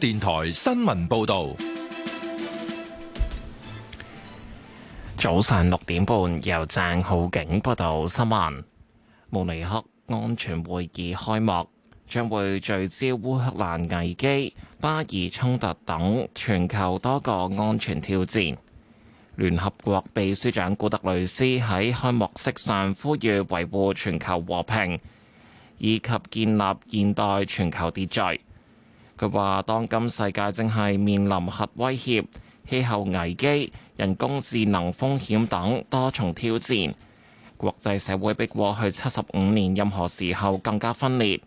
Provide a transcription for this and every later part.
電台新聞報道：早上六點半，由鄭浩景報道新聞。慕尼黑安全會議開幕，將會聚焦烏克蘭危機、巴以衝突等全球多個安全挑戰。聯合國秘書長古特雷斯喺開幕式上呼籲維護全球和平，以及建立現代全球秩序。佢話：當今世界正係面臨核威脅、氣候危機、人工智能風險等多重挑戰，國際社會比過去七十五年任何時候更加分裂。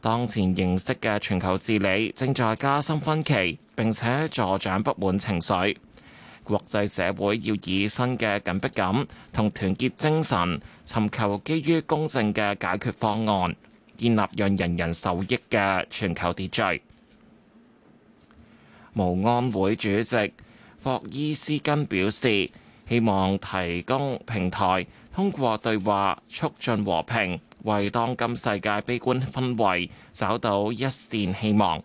當前形式嘅全球治理正在加深分歧，並且助長不滿情緒。國際社會要以新嘅緊迫感同團結精神，尋求基於公正嘅解決方案，建立讓人人受益嘅全球秩序。慕安會主席霍伊斯根表示，希望提供平台，通過對話促進和平，為當今世界悲觀氛圍找到一線希望。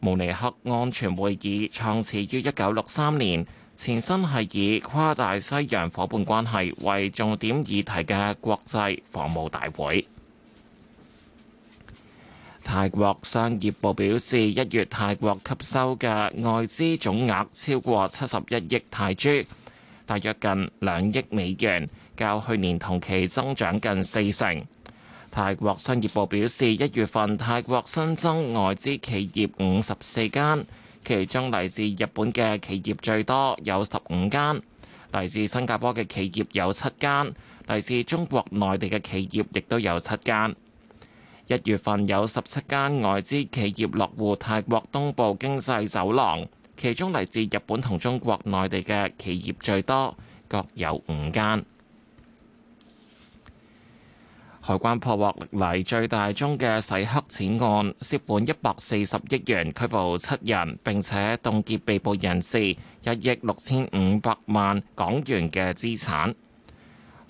慕尼黑安全會議創始於一九六三年，前身係以跨大西洋伙伴關係為重點議題嘅國際防務大會。泰國商業部表示，一月泰國吸收嘅外資總額超過七十一億泰銖，大約近兩億美元，較去年同期增長近四成。泰國商業部表示，一月份泰國新增外資企業五十四間，其中來自日本嘅企業最多，有十五間；來自新加坡嘅企業有七間，來自中國內地嘅企業亦都有七間。一月份有十七間外資企業落戶泰國東部經濟走廊，其中嚟自日本同中國內地嘅企業最多，各有五間。海關破獲歷嚟最大宗嘅洗黑錢案，涉款一百四十億元，拘捕七人，並且凍結被捕人士一億六千五百萬港元嘅資產。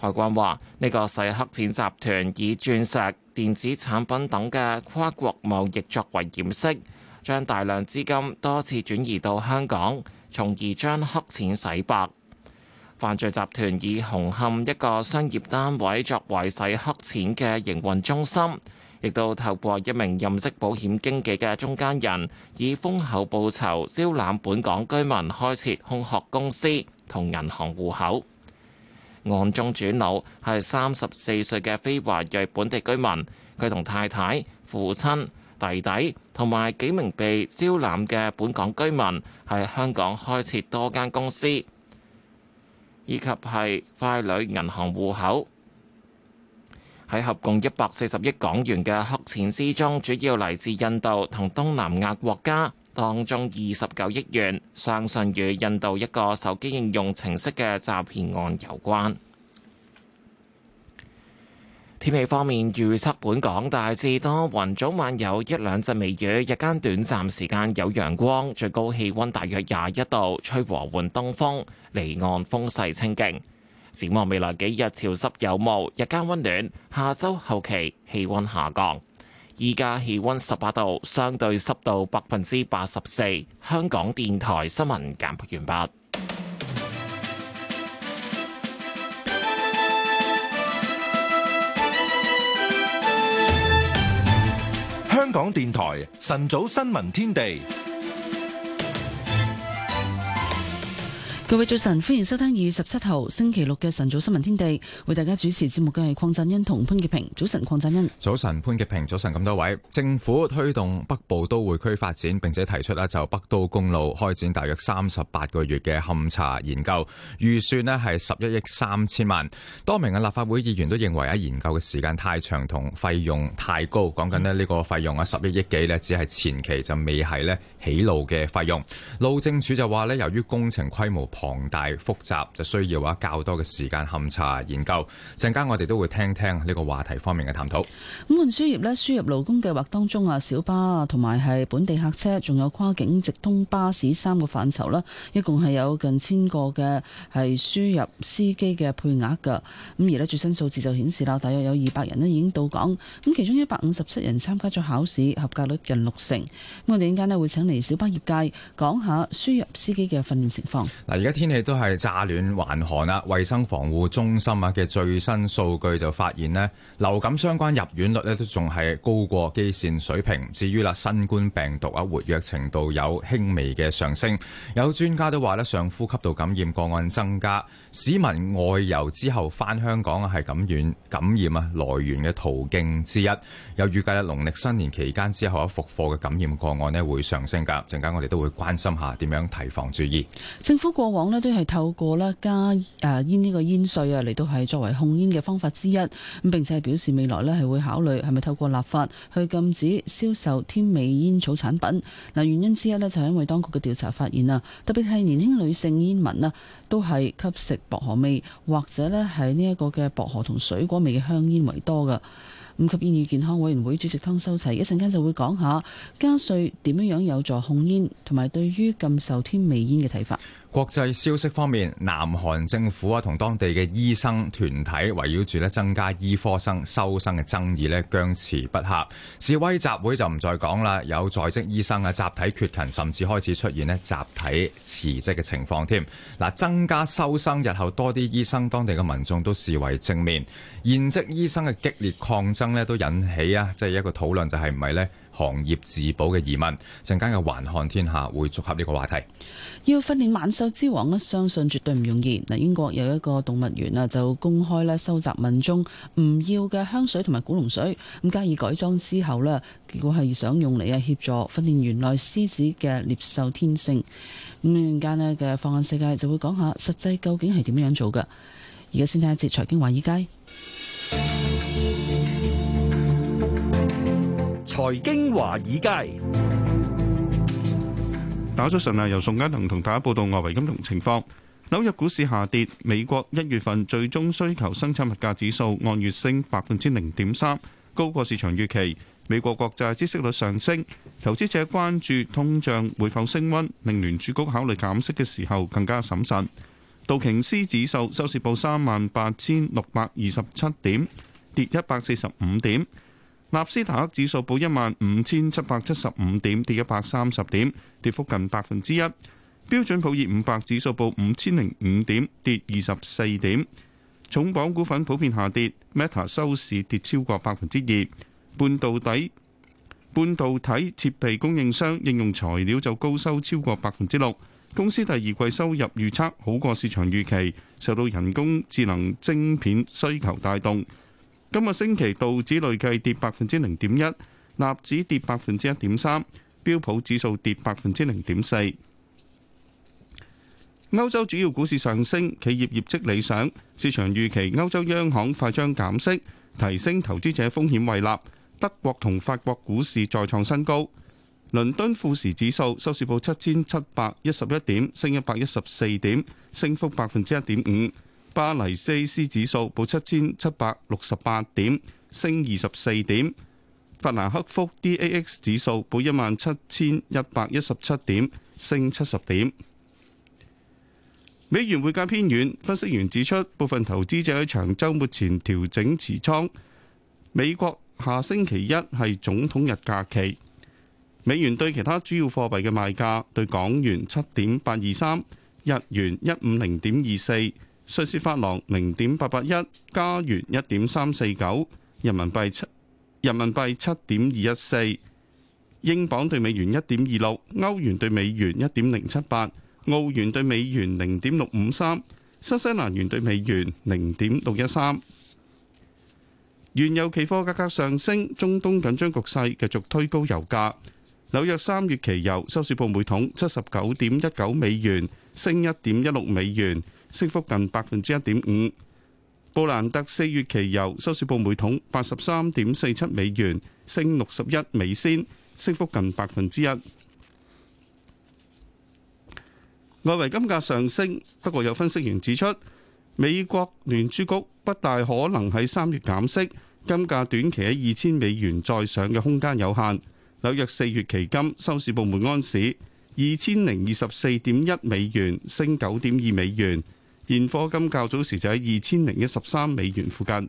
海關話：呢、這個洗黑錢集團以鑽石、電子產品等嘅跨國貿易作為掩飾，將大量資金多次轉移到香港，從而將黑錢洗白。犯罪集團以紅磡一個商業單位作為洗黑錢嘅營運中心，亦都透過一名任職保險經紀嘅中間人，以豐厚報酬招攬本港居民開設空殼公司同銀行戶口。案中主腦係三十四歲嘅非華裔本地居民，佢同太太、父親、弟弟同埋幾名被招攬嘅本港居民喺香港開設多間公司，以及係傀儡銀行戶口。喺合共一百四十億港元嘅黑錢之中，主要嚟自印度同東南亞國家。當中二十九億元，相信與印度一個手機應用程式嘅詐騙案有關。天氣方面預測，本港大致多雲，早晚有一兩陣微雨，日間短暫時間有陽光，最高氣温大約廿一度，吹和緩東風，離岸風勢清勁。展望未來幾日潮濕有霧，日間温暖。下周後期氣温下降。依家氣温十八度，相對濕度百分之八十四。香港電台新聞簡報完畢。香港電台晨早新聞天地。各位早晨，歡迎收聽二月十七號星期六嘅晨早新聞天地。為大家主持節目嘅係鄺振欣同潘潔平。早晨，鄺振恩。早晨，潘潔平。早晨，咁多位。政府推動北部都會區發展，並且提出咧就北都公路開展大約三十八個月嘅勘察研究，預算咧係十一億三千萬。多名嘅立法會議員都認為啊，研究嘅時間太長同費用太高。講緊咧呢個費用啊，十一億幾咧只係前期，就未係咧起路嘅費用。路政署就話咧，由於工程規模龐大複雜，就需要話較多嘅時間勘查研究。陣間我哋都會聽聽呢個話題方面嘅探討。咁運輸業咧輸入勞工計劃當中啊，小巴同埋係本地客車，仲有跨境直通巴士三個範疇啦，一共係有近千個嘅係輸入司機嘅配額㗎。咁而咧最新數字就顯示啦，大約有二百人咧已經到港。咁其中一百五十七人參加咗考試，合格率近六成。咁我哋陣間咧會請嚟小巴業界講下輸入司機嘅訓練情況。而家天氣都係乍暖還寒啦，衞生防護中心啊嘅最新數據就發現咧，流感相關入院率咧都仲係高過基線水平。至於啦，新冠病毒啊活躍程度有輕微嘅上升。有專家都話咧，上呼吸道感染個案增加，市民外遊之後返香港啊，係感染感染啊來源嘅途徑之一。有預計啦，農曆新年期間之後啊，復課嘅感染個案咧會上升㗎。陣間我哋都會關心下點樣提防注意。政府過往咧都係透過咧加誒煙呢個煙稅啊嚟到係作為控煙嘅方法之一咁，並且係表示未來咧係會考慮係咪透過立法去禁止銷售添味煙草產品嗱。原因之一呢，就係因為當局嘅調查發現啊，特別係年輕女性煙民啊都係吸食薄荷味或者呢係呢一個嘅薄荷同水果味嘅香煙為多噶咁吸煙與健康委員會主席湯修齊一陣間就會講下加稅點樣樣有助控煙，同埋對於禁售添味煙嘅睇法。國際消息方面，南韓政府啊同當地嘅醫生團體圍繞住咧增加醫科生收生嘅爭議咧僵持不下。示威集會就唔再講啦，有在職醫生啊集體缺勤，甚至開始出現咧集體辭職嘅情況添。嗱，增加收生日後多啲醫生，當地嘅民眾都視為正面。現職醫生嘅激烈抗爭咧都引起啊，即係一個討論，就係唔係咧行業自保嘅疑問。陣間嘅環看天下會觸及呢個話題。要訓練猛獸之王咧，相信絕對唔容易。嗱，英國有一個動物園啊，就公開咧收集民眾唔要嘅香水同埋古龍水，咁加以改裝之後咧，結果係想用嚟啊協助訓練園內獅子嘅獵獸天性。咁間咧嘅《放眼世界》就會講下實際究竟係點樣做㗎。而家先睇下節《財經華爾街》。財經華爾街。打咗信啊！由宋家能同大家報道外圍金融情況。紐約股市下跌，美國一月份最終需求生產物價指數按月升百分之零點三，高過市場預期。美國國債孳息率上升，投資者關注通脹會否升溫，令聯儲局考慮減息嘅時候更加審慎。道瓊斯指數收市報三萬八千六百二十七點，跌一百四十五點。納斯達克指數報一萬五千七百七十五點，跌一百三十點，跌幅近百分之一。標準普爾五百指數報五千零五點，跌二十四點。重磅股份普遍下跌，Meta 收市跌超過百分之二。半導體半導體設備供應商應用材料就高收超過百分之六。公司第二季收入預測好過市場預期，受到人工智能晶片需求帶動。今日星期，道指累計跌百分之零點一，納指跌百分之一點三，標普指數跌百分之零點四。歐洲主要股市上升，企業業績理想，市場預期歐洲央行快將減息，提升投資者風險胃納。德國同法國股市再創新高。倫敦富時指數收市報七千七百一十一點，升一百一十四點，升幅百分之一點五。巴黎 CAC 指數報七千七百六十八點，升二十四點。法蘭克福 DAX 指數報一萬七千一百一十七點，升七十點。美元匯價偏軟，分析員指出，部分投資者喺長周末前調整持倉。美國下星期一係總統日假期，美元對其他主要貨幣嘅賣價對港元七點八二三，日元一五零點二四。瑞士法郎零點八八一，加元一點三四九，人民幣七人民幣七點二一四，英鎊兌美元一點二六，歐元兌美元一點零七八，澳元兌美元零點六五三，新西蘭元兌美元零點六一三。原油期貨價格上升，中東緊張局勢繼續推高油價。紐約三月期油收市報每桶七十九點一九美元，升一點一六美元。升幅近百分之一點五。布蘭特四月期油收市報每桶八十三點四七美元，升六十一美仙，升幅近百分之一。外圍金價上升，不過有分析員指出，美國聯儲局不大可能喺三月減息，金價短期喺二千美元再上嘅空間有限。紐約四月期金收市報每安士二千零二十四點一美元，升九點二美元。現貨金較早時就喺二千零一十三美元附近。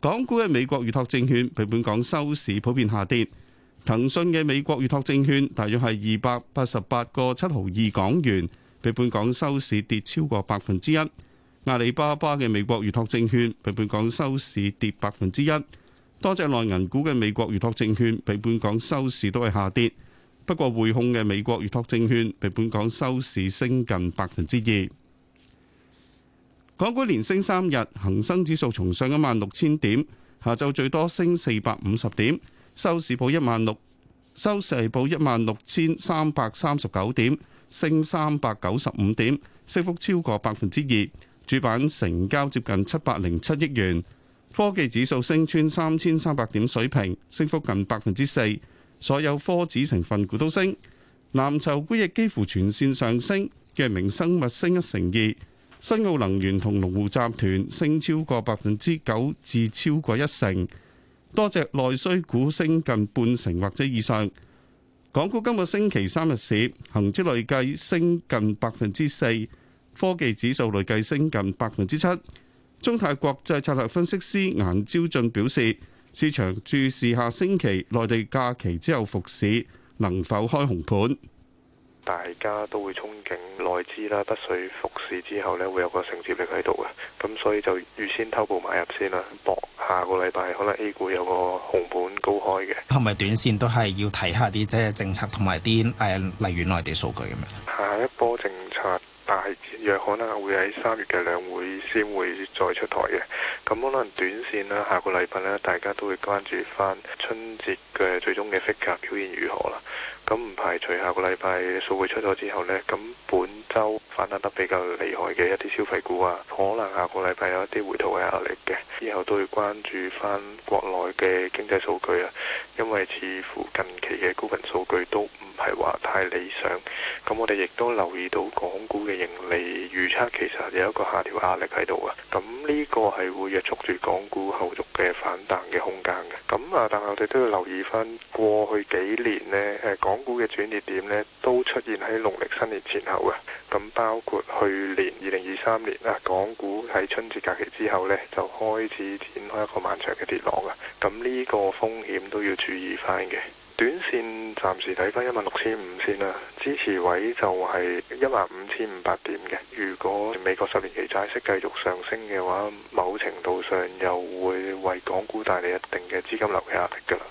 港股嘅美國預託證券比本港收市普遍下跌。騰訊嘅美國預託證券大約係二百八十八個七毫二港元，比本港收市跌超過百分之一。阿里巴巴嘅美國預託證券比本港收市跌百分之一。多隻內銀股嘅美國預託證券比本港收市都係下跌。不過匯控嘅美國預託證券被本港收市升近百分之二，港股連升三日，恒生指數重上一萬六千點，下晝最多升四百五十點，收市報一萬六，收市係報一萬六千三百三十九點，升三百九十五點，升幅超過百分之二。主板成交接近七百零七億元，科技指數升穿三千三百點水平，升幅近百分之四。所有科指成分股都升，藍籌股亦幾乎全線上升，藥明生物升一成二，新奧能源同龍湖集團升超過百分之九至超過一成，多隻內需股升近半成或者以上。港股今日星期三日市，恒指累計升近百分之四，科技指數累計升近百分之七。中泰國際策略分析師顏朝俊表示。市場注視下星期內地假期之後復市能否開紅盤，大家都會憧憬內資啦，得水復市之後呢會有個承接力喺度嘅，咁所以就預先偷步買入先啦，搏下個禮拜可能 A 股有個紅盤高開嘅。係咪短線都係要睇下啲即係政策同埋啲誒，例如內地數據咁樣？下一波政策。但係，約可能會喺三月嘅兩會先會再出台嘅，咁可能短線啦，下個禮拜呢，大家都會關注翻春節嘅最終嘅 figure 表現如何啦。咁唔排除下個禮拜數據出咗之後呢，咁本週反彈得比較厲害嘅一啲消費股啊，可能下個禮拜有一啲回吐嘅壓力嘅。之後都會關注翻國內嘅經濟數據啊，因為似乎近期嘅高頻數據都。唔係話太理想，咁我哋亦都留意到港股嘅盈利預測其實有一個下調壓力喺度啊。咁呢個係會約束住港股後續嘅反彈嘅空間嘅。咁啊，但係我哋都要留意翻過去幾年咧，誒港股嘅轉捩點咧都出現喺農曆新年前後啊。咁包括去年二零二三年啊，港股喺春節假期之後咧就開始展開一個漫長嘅跌落啊。咁呢個風險都要注意翻嘅。短線暫時睇翻一萬六千五綫啦，支持位就係一萬五千五百點嘅。如果美國十年期債息繼續上升嘅話，某程度上又會為港股帶嚟一定嘅資金流嘅壓力噶啦。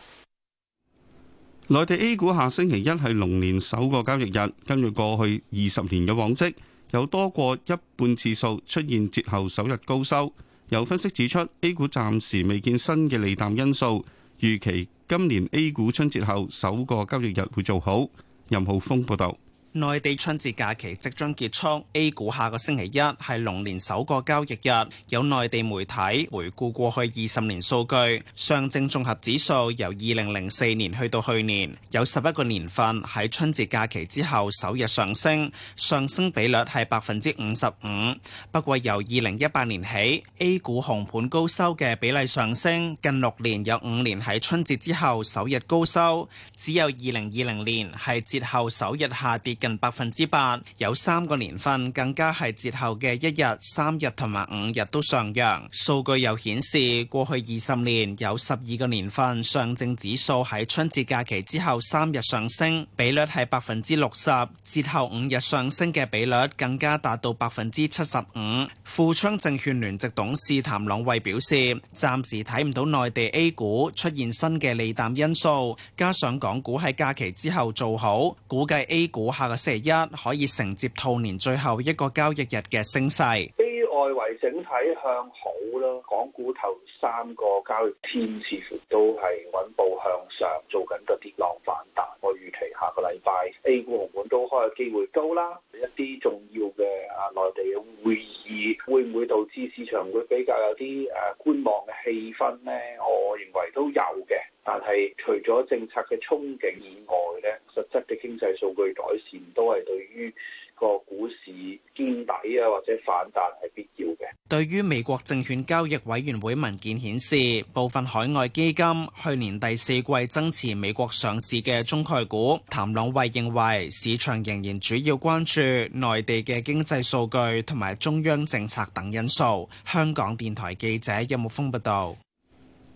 內地 A 股下星期一係龍年首個交易日，根據過去二十年嘅往績，有多過一半次數出現節後首日高收。有分析指出，A 股暫時未見新嘅利淡因素。預期今年 A 股春節後首個交易日會做好。任浩峰報道。內地春節假期即將結束，A 股下個星期一係龍年首個交易日。有內地媒體回顧過去二十年數據，上證綜合指數由二零零四年去到去年，有十一個年份喺春節假期之後首日上升，上升比率係百分之五十五。不過由二零一八年起，A 股紅盤高收嘅比例上升，近六年有五年喺春節之後首日高收，只有二零二零年係節後首日下跌。近百分之八，有三個年份更加係節後嘅一日、三日同埋五日都上揚。數據又顯示，過去二十年有十二個年份上證指數喺春節假期之後三日上升，比率係百分之六十；節後五日上升嘅比率更加達到百分之七十五。富昌證券聯席董事譚朗慧表示：暫時睇唔到內地 A 股出現新嘅利淡因素，加上港股喺假期之後做好，估計 A 股下。星期一可以承接兔年最後一個交易日嘅升勢，啊外圍整體向好啦，港股頭三個交易天似乎都係穩步向上，做緊個跌浪反彈。我預期下個禮拜 A 股紅盤都開嘅機會高啦。一啲重要嘅啊內地嘅會議會唔會導致市場會比較有啲誒觀望嘅氣氛咧？我認為都有嘅。但係除咗政策嘅憧憬以外咧，實質嘅經濟數據改善都係對於個股市見底啊，或者反彈係必要嘅。對於美國證券交易委員會文件顯示，部分海外基金去年第四季增持美國上市嘅中概股。譚朗慧認為市場仍然主要關注內地嘅經濟數據同埋中央政策等因素。香港電台記者任木峰報道。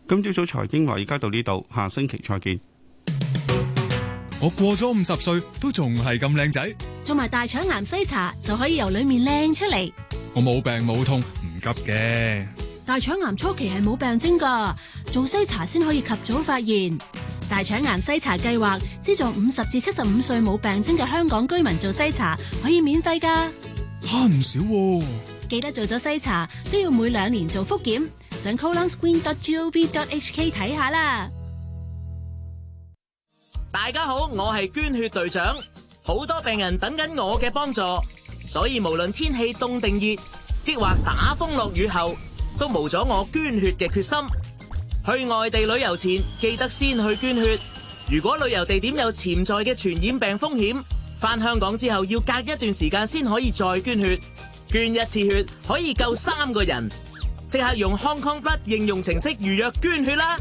今朝早財經話，而家到呢度，下星期再見。我過咗五十歲都仲係咁靚仔，做埋大腸癌篩查就可以由裏面靚出嚟。我冇病冇痛，唔急嘅。大腸癌初期係冇病徵㗎，做篩查先可以及早發現。大腸癌篩查計劃資助五十至七十五歲冇病徵嘅香港居民做篩查，可以免費㗎，慳唔、啊、少喎、啊。記得做咗篩查都要每兩年做復檢，上 colonscreen.gov.hk 睇下啦。看看大家好，我係捐血隊長，好多病人等緊我嘅幫助，所以無論天氣凍定熱，亦或打風落雨後，都冇咗我捐血嘅決心。去外地旅遊前記得先去捐血，如果旅遊地點有潛在嘅傳染病風險，返香港之後要隔一段時間先可以再捐血。捐一次血可以救三個人，即刻用 Hong Kong Blood 應用程式預約捐血啦！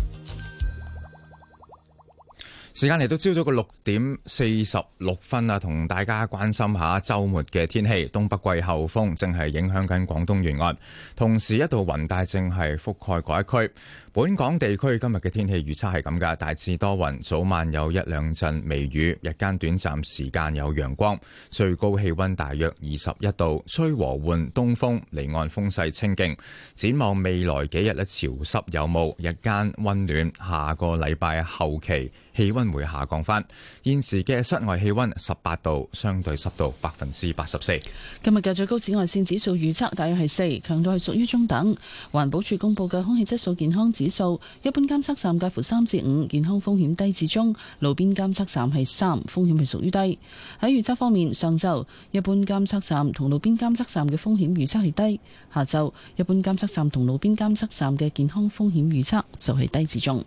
時間嚟到朝早嘅六點四十六分啊，同大家關心下周末嘅天氣，東北季候風正係影響緊廣東沿岸，同時一度雲帶正係覆蓋嗰一區。本港地區今日嘅天氣預測係咁噶，大致多雲，早晚有一兩陣微雨，日間短暫時間有陽光，最高氣溫大約二十一度，吹和緩東風，離岸風勢清勁。展望未來幾日咧，潮濕有霧，日間溫暖。下個禮拜後期氣溫會下降翻。現時嘅室外氣溫十八度，相對濕度百分之八十四。今日嘅最高紫外線指數預測大約係四，強度係屬於中等。環保署公布嘅空氣質素健康指指數一般監測站介乎三至五，健康風險低至中；路邊監測站係三，風險係屬於低。喺預測方面，上晝一般監測站同路邊監測站嘅風險預測係低；下晝一般監測站同路邊監測站嘅健康風險預測就係低至中。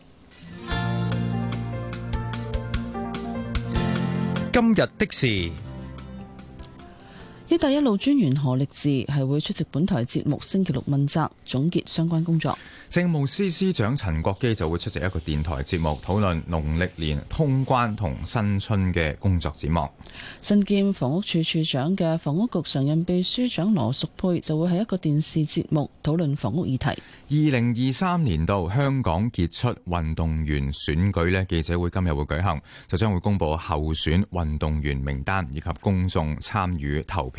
今日的事。一帶一路專員何力治係會出席本台節目星期六問責總結相關工作。政務司司長陳國基就會出席一個電台節目討論農曆年通關同新春嘅工作展望。身兼房屋處處長嘅房屋局常任秘書長羅淑佩就會喺一個電視節目討論房屋議題。二零二三年度香港傑出運動員選舉呢，記者會今日會舉行，就將會公布候選運動員名單以及公眾參與投票。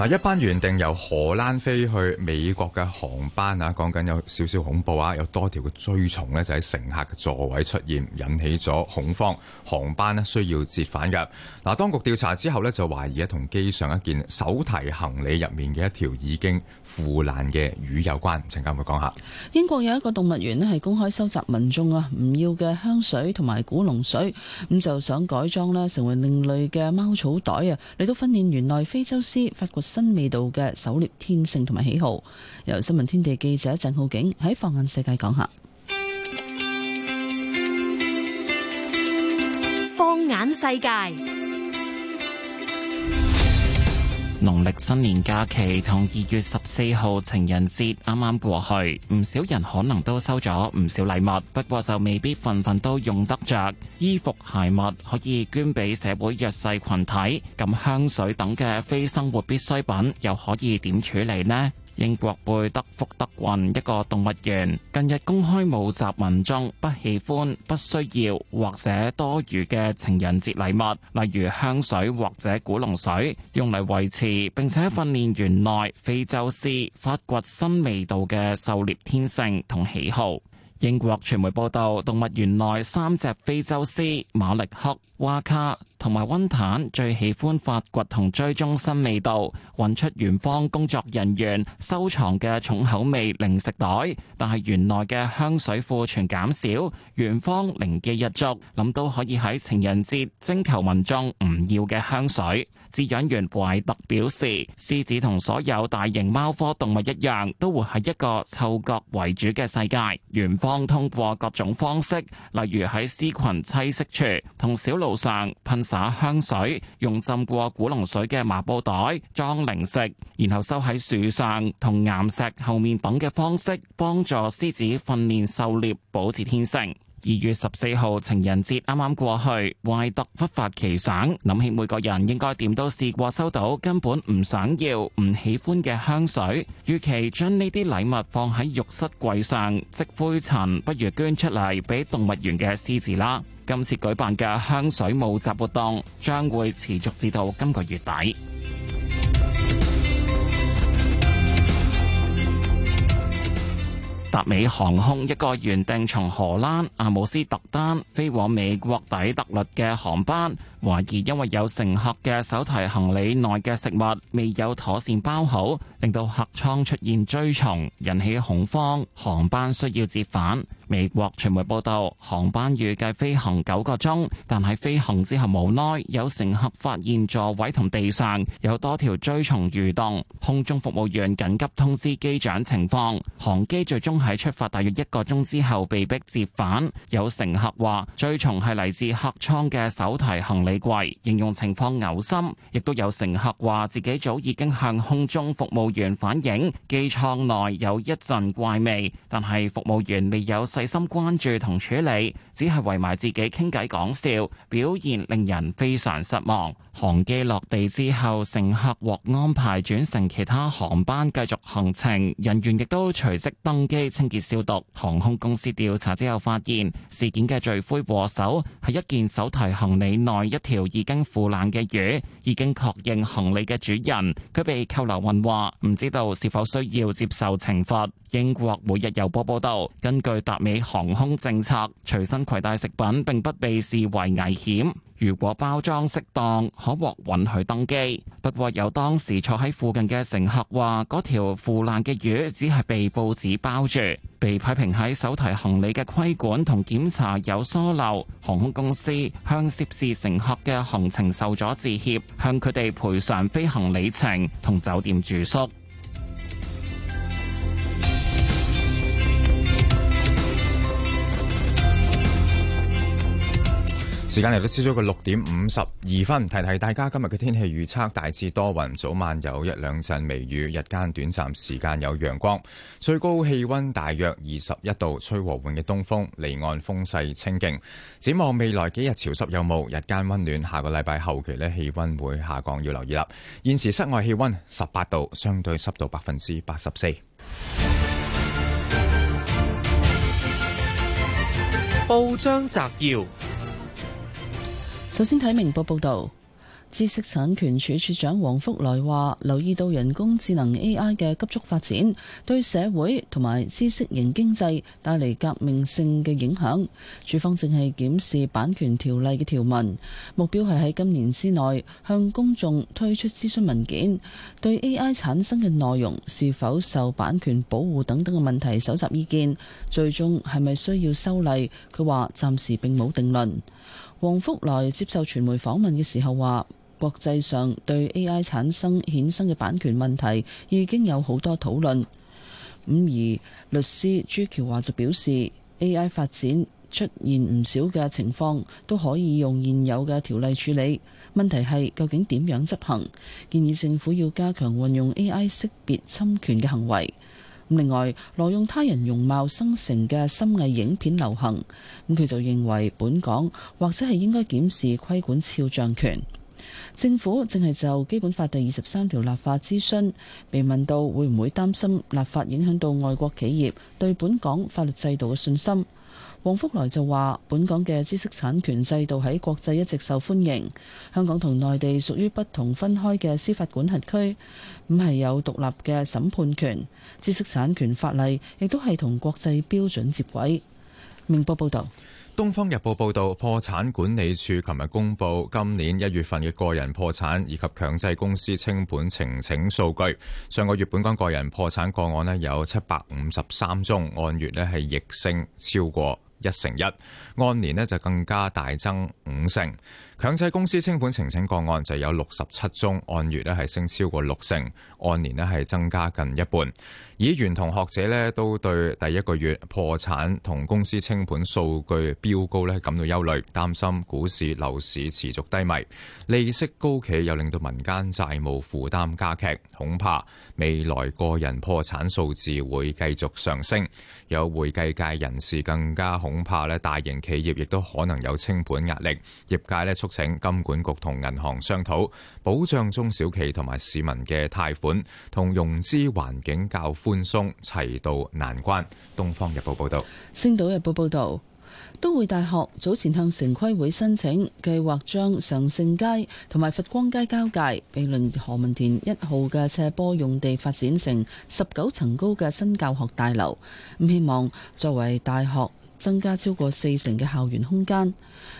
嗱，一班原定由荷蘭飛去美國嘅航班啊，講緊有少少恐怖啊，有多條嘅追蟲咧，就喺乘客嘅座位出現，引起咗恐慌。航班咧需要折返嘅。嗱，當局調查之後咧，就懷疑啊同機上一件手提行李入面嘅一條已經腐爛嘅魚有關。陣間會講下。英國有一個動物園咧，係公開收集民眾啊唔要嘅香水同埋古龍水，咁就想改裝啦，成為另類嘅貓草袋啊，嚟到訓練園內非洲獅、法國。新味道嘅狩獵天性同埋喜好，由新聞天地記者鄭浩景喺放眼世界講下。放眼世界。農曆新年假期同二月十四號情人節啱啱過去，唔少人可能都收咗唔少禮物，不過就未必份份都用得着。衣服鞋襪可以捐俾社會弱勢群體，咁香水等嘅非生活必需品又可以點處理呢？英國貝德福德郡一個動物園近日公開募集民眾不喜歡、不需要或者多餘嘅情人節禮物，例如香水或者古龍水，用嚟維持並且訓練園內非洲獅發掘新味道嘅狩獵天性同喜好。英國傳媒報道，動物園內三隻非洲獅馬力克、哇卡同埋溫坦最喜歡發掘同追蹤新味道，揾出園方工作人員收藏嘅重口味零食袋。但係園內嘅香水庫存減少，園方靈機一觸諗到可以喺情人節徵求民眾唔要嘅香水。飼養員懷特表示，獅子同所有大型貓科動物一樣都活喺一個嗅覺為主嘅世界。園方通過各種方式，例如喺獅群棲息處同小路，上噴灑香水，用浸過古龍水嘅麻布袋裝零食，然後收喺樹上同岩石後面等嘅方式，幫助獅子訓練狩獵，保持天性。二月十四號情人節啱啱過去，懷特忽發奇想，諗起每個人應該點都試過收到根本唔想要、唔喜歡嘅香水。與其將呢啲禮物放喺浴室櫃上積灰塵，不如捐出嚟俾動物園嘅獅子啦。今次舉辦嘅香水募集活動將會持續至到今個月底。達美航空一個原定從荷蘭阿姆斯特丹飛往美國底特律嘅航班。懷疑因為有乘客嘅手提行李內嘅食物未有妥善包好，令到客艙出現蛆蟲，引起恐慌，航班需要折返。美國傳媒報道，航班預計飛行九個鐘，但喺飛行之後冇耐有乘客發現座位同地上有多條蛆蟲蠕動，空中服務員緊急通知機長情況，航機最終喺出發大約一個鐘之後被逼折返。有乘客話，蛆蟲係嚟自客艙嘅手提行李。幾貴，形容情況嘔心，亦都有乘客話自己早已經向空中服務員反映，機艙內有一陣怪味，但係服務員未有細心關注同處理，只係圍埋自己傾偈講笑，表現令人非常失望。航機落地之後，乘客獲安排轉乘其他航班繼續行程，人員亦都隨即登機清潔消毒。航空公司調查之後發現，事件嘅罪魁禍首係一件手提行李內一。條已經腐爛嘅魚，已經確認行李嘅主人，佢被扣留問話，唔知道是否需要接受懲罰。英國每日郵報報道，根據達美航空政策，隨身攜帶食品並不被視為危險。如果包裝適當，可獲允許登機。不過，有當時坐喺附近嘅乘客話，嗰條腐爛嘅魚只係被報紙包住，被批評喺手提行李嘅規管同檢查有疏漏。航空公司向涉事乘客嘅行程受阻致歉，向佢哋賠償飛行里程同酒店住宿。時間嚟到朝早嘅六點五十二分，提提大家今日嘅天氣預測大致多雲，早晚有一兩陣微雨，日間短暫時間有陽光，最高氣溫大約二十一度，吹和緩嘅東風，離岸風勢清勁。展望未來幾日潮濕有霧，日間溫暖，下個禮拜後期呢氣溫會下降，要留意啦。現時室外氣溫十八度，相對濕度百分之八十四。報章摘要。首先睇明報報道，知識產權處處長黃福來話，留意到人工智能 AI 嘅急速發展，對社會同埋知識型經濟帶嚟革命性嘅影響。署方正係檢視版權條例嘅條文，目標係喺今年之內向公眾推出諮詢文件，對 AI 產生嘅內容是否受版權保護等等嘅問題搜集意見，最終係咪需要修例？佢話暫時並冇定論。黃福來接受傳媒訪問嘅時候話，國際上對 AI 產生衍生嘅版權問題已經有好多討論。咁而律師朱橋華就表示，AI 發展出現唔少嘅情況，都可以用現有嘅條例處理。問題係究竟點樣執行？建議政府要加強運用 AI 識別侵權嘅行為。另外，挪用他人容貌生成嘅深偽影片流行，咁佢就認為本港或者係應該檢視規管肖像權。政府正係就《基本法》第二十三條立法諮詢，被問到會唔會擔心立法影響到外國企業對本港法律制度嘅信心？黃福來就話，本港嘅知識產權制度喺國際一直受歡迎。香港同內地屬於不同分開嘅司法管轄區，唔係有獨立嘅審判權。知識產權法例亦都係同國際標準接軌。明報報道，《東方日報》報道，破產管理處琴日公布今年一月份嘅個人破產以及強制公司清盤呈請數據。上個月本港個人破產個案咧有七百五十三宗，按月咧係逆升超過。一成一，按年呢，就更加大增五成。強制公司清盤呈請個案就有六十七宗，按月呢係升超過六成，按年呢係增加近一半。議員同學者呢都對第一個月破產同公司清盤數據飆高呢感到憂慮，擔心股市樓市持續低迷，利息高企又令到民間債務負擔加劇，恐怕未來個人破產數字會繼續上升。有會計界人士更加恐怕呢，大型企業亦都可能有清盤壓力。業界呢，促請金管局同銀行商討，保障中小企同埋市民嘅貸款同融資環境較寬鬆，齊度難關。東方日報報道，星島日報報道，都會大學早前向城規會申請，計劃將常盛街同埋佛光街交界，毗鄰何文田一號嘅斜坡用地發展成十九層高嘅新教學大樓，唔希望作為大學，增加超過四成嘅校園空間。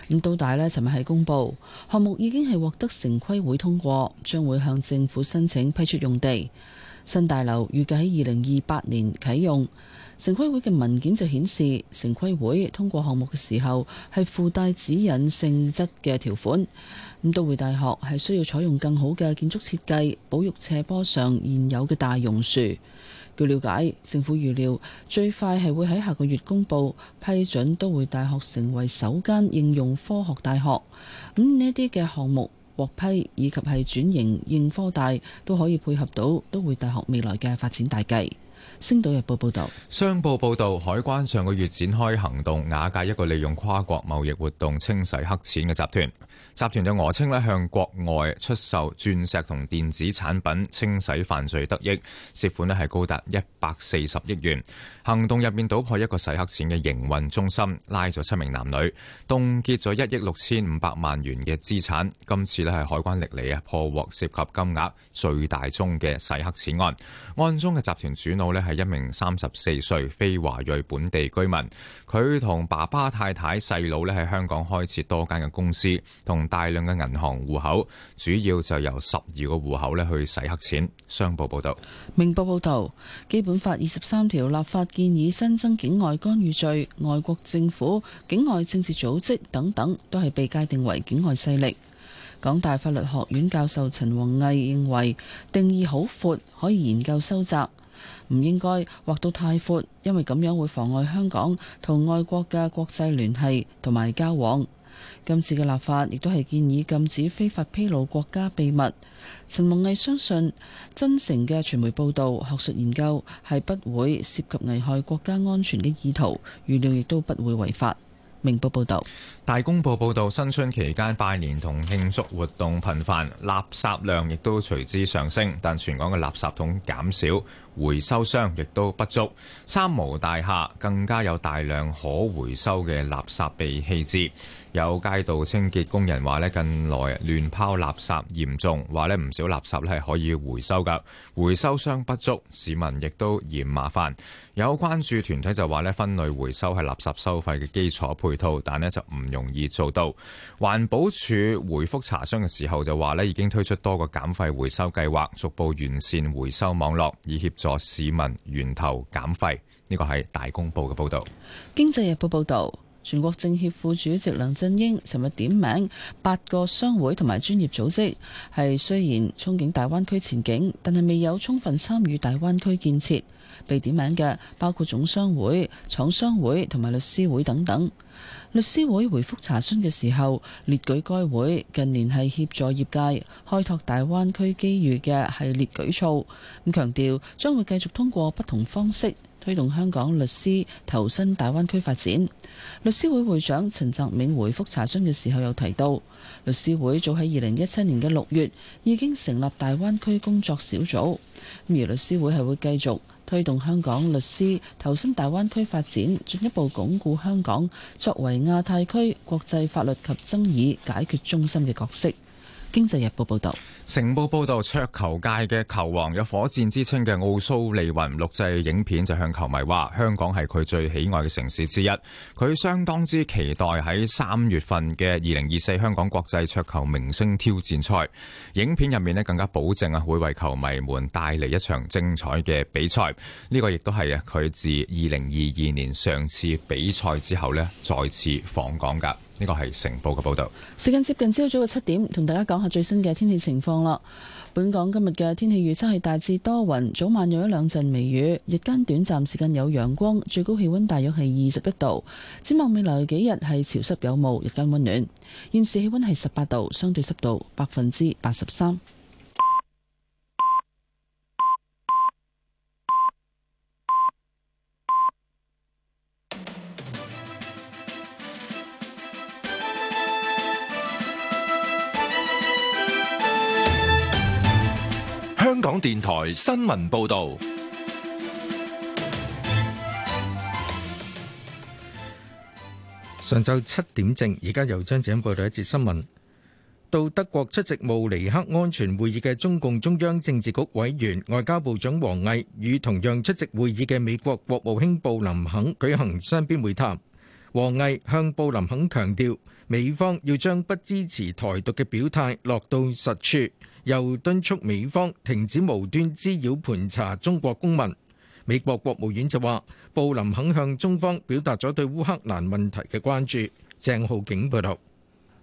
咁都大呢，尋日係公佈，項目已經係獲得城規會通過，將會向政府申請批出用地。新大樓預計喺二零二八年啟用。城規會嘅文件就顯示，城規會通過項目嘅時候係附帶指引性質嘅條款。咁都會大學係需要採用更好嘅建築設計，保育斜坡上現有嘅大榕樹。據了解，政府預料最快係會喺下個月公布批准都會大學成為首間應用科學大學。咁呢啲嘅項目獲批以及係轉型應科大都可以配合到都會大學未來嘅發展大計。星島日報報道，商報報道，海關上個月展開行動，瓦解一個利用跨國貿易活動清洗黑錢嘅集團。集團嘅訛稱咧向國外出售鑽石同電子產品，清洗犯罪得益，涉款咧係高達一百四十億元。行動入面搗破一個洗黑錢嘅營運中心，拉咗七名男女，凍結咗一億六千五百萬元嘅資產。今次呢係海關歷嚟啊破獲涉及金額最大宗嘅洗黑錢案。案中嘅集團主腦呢係一名三十四歲非華裔本地居民。佢同爸爸、太太、細佬呢喺香港開設多間嘅公司，同大量嘅銀行戶口，主要就由十二個戶口呢去洗黑錢。商報報道。明報報道，《基本法》二十三條立法。建議新增境外干預罪，外國政府、境外政治組織等等，都係被界定為境外勢力。港大法律學院教授陳弘毅認為，定義好闊，可以研究收窄，唔應該畫到太闊，因為咁樣會妨礙香港同外國嘅國際聯繫同埋交往。今次嘅立法亦都係建議禁止非法披露國家秘密。陳孟毅相信，真誠嘅傳媒報道、學術研究係不會涉及危害國家安全嘅意圖，預料亦都不會違法。明報報道，大公報報道，新春期間拜年同慶祝活動頻繁，垃圾量亦都隨之上升，但全港嘅垃圾桶減少，回收箱亦都不足，三無大廈更加有大量可回收嘅垃圾被棄置。有街道清潔工人話咧，近來亂拋垃圾嚴重，話咧唔少垃圾咧係可以回收噶，回收商不足，市民亦都嫌麻煩。有關注團體就話咧，分類回收係垃圾收費嘅基礎配套，但咧就唔容易做到。環保署回覆查詢嘅時候就話咧，已經推出多個減廢回收計劃，逐步完善回收網絡，以協助市民源頭減廢。呢個係大公報嘅報道，經濟日報報道。全國政協副主席梁振英尋日點名八個商會同埋專業組織，係雖然憧憬大灣區前景，但係未有充分參與大灣區建設。被點名嘅包括總商會、廠商會同埋律師會等等。律師會回覆查詢嘅時候，列舉該會近年係協助業界開拓大灣區機遇嘅系列舉措，咁強調將會繼續通過不同方式。推動香港律師投身大灣區發展，律師會會長陳澤銘回覆查詢嘅時候有提到，律師會早喺二零一七年嘅六月已經成立大灣區工作小組，而律師會係會繼續推動香港律師投身大灣區發展，進一步鞏固香港作為亞太區國際法律及爭議解決中心嘅角色。經濟日報報道。成報報道，桌球界嘅球王有火箭之稱嘅奧蘇利雲錄製影片，就向球迷話：香港係佢最喜愛嘅城市之一。佢相當之期待喺三月份嘅二零二四香港國際桌球明星挑戰賽。影片入面呢，更加保證啊，會為球迷們帶嚟一場精彩嘅比賽。呢個亦都係啊，佢自二零二二年上次比賽之後呢，再次訪港噶。呢個係成報嘅報道。時間接近朝早嘅七點，同大家講下最新嘅天氣情況。本港今日嘅天氣預測係大致多雲，早晚有一兩陣微雨，日間短暫時間有陽光，最高氣溫大約係二十一度。展望未來幾日係潮濕有霧，日間溫暖。現時氣溫係十八度，相對濕度百分之八十三。香港電台新聞報道：上晝七點正，而家由張子欣報道一節新聞。到德國出席慕尼黑安全會議嘅中共中央政治局委員、外交部長王毅，與同樣出席會議嘅美國國務卿布林肯舉行雙邊會談。王毅向布林肯強調，美方要將不支持台獨嘅表態落到實處。又敦促美方停止無端滋擾盤查中國公民。美國國務院就話，布林肯向中方表達咗對烏克蘭問題嘅關注。鄭浩景報導，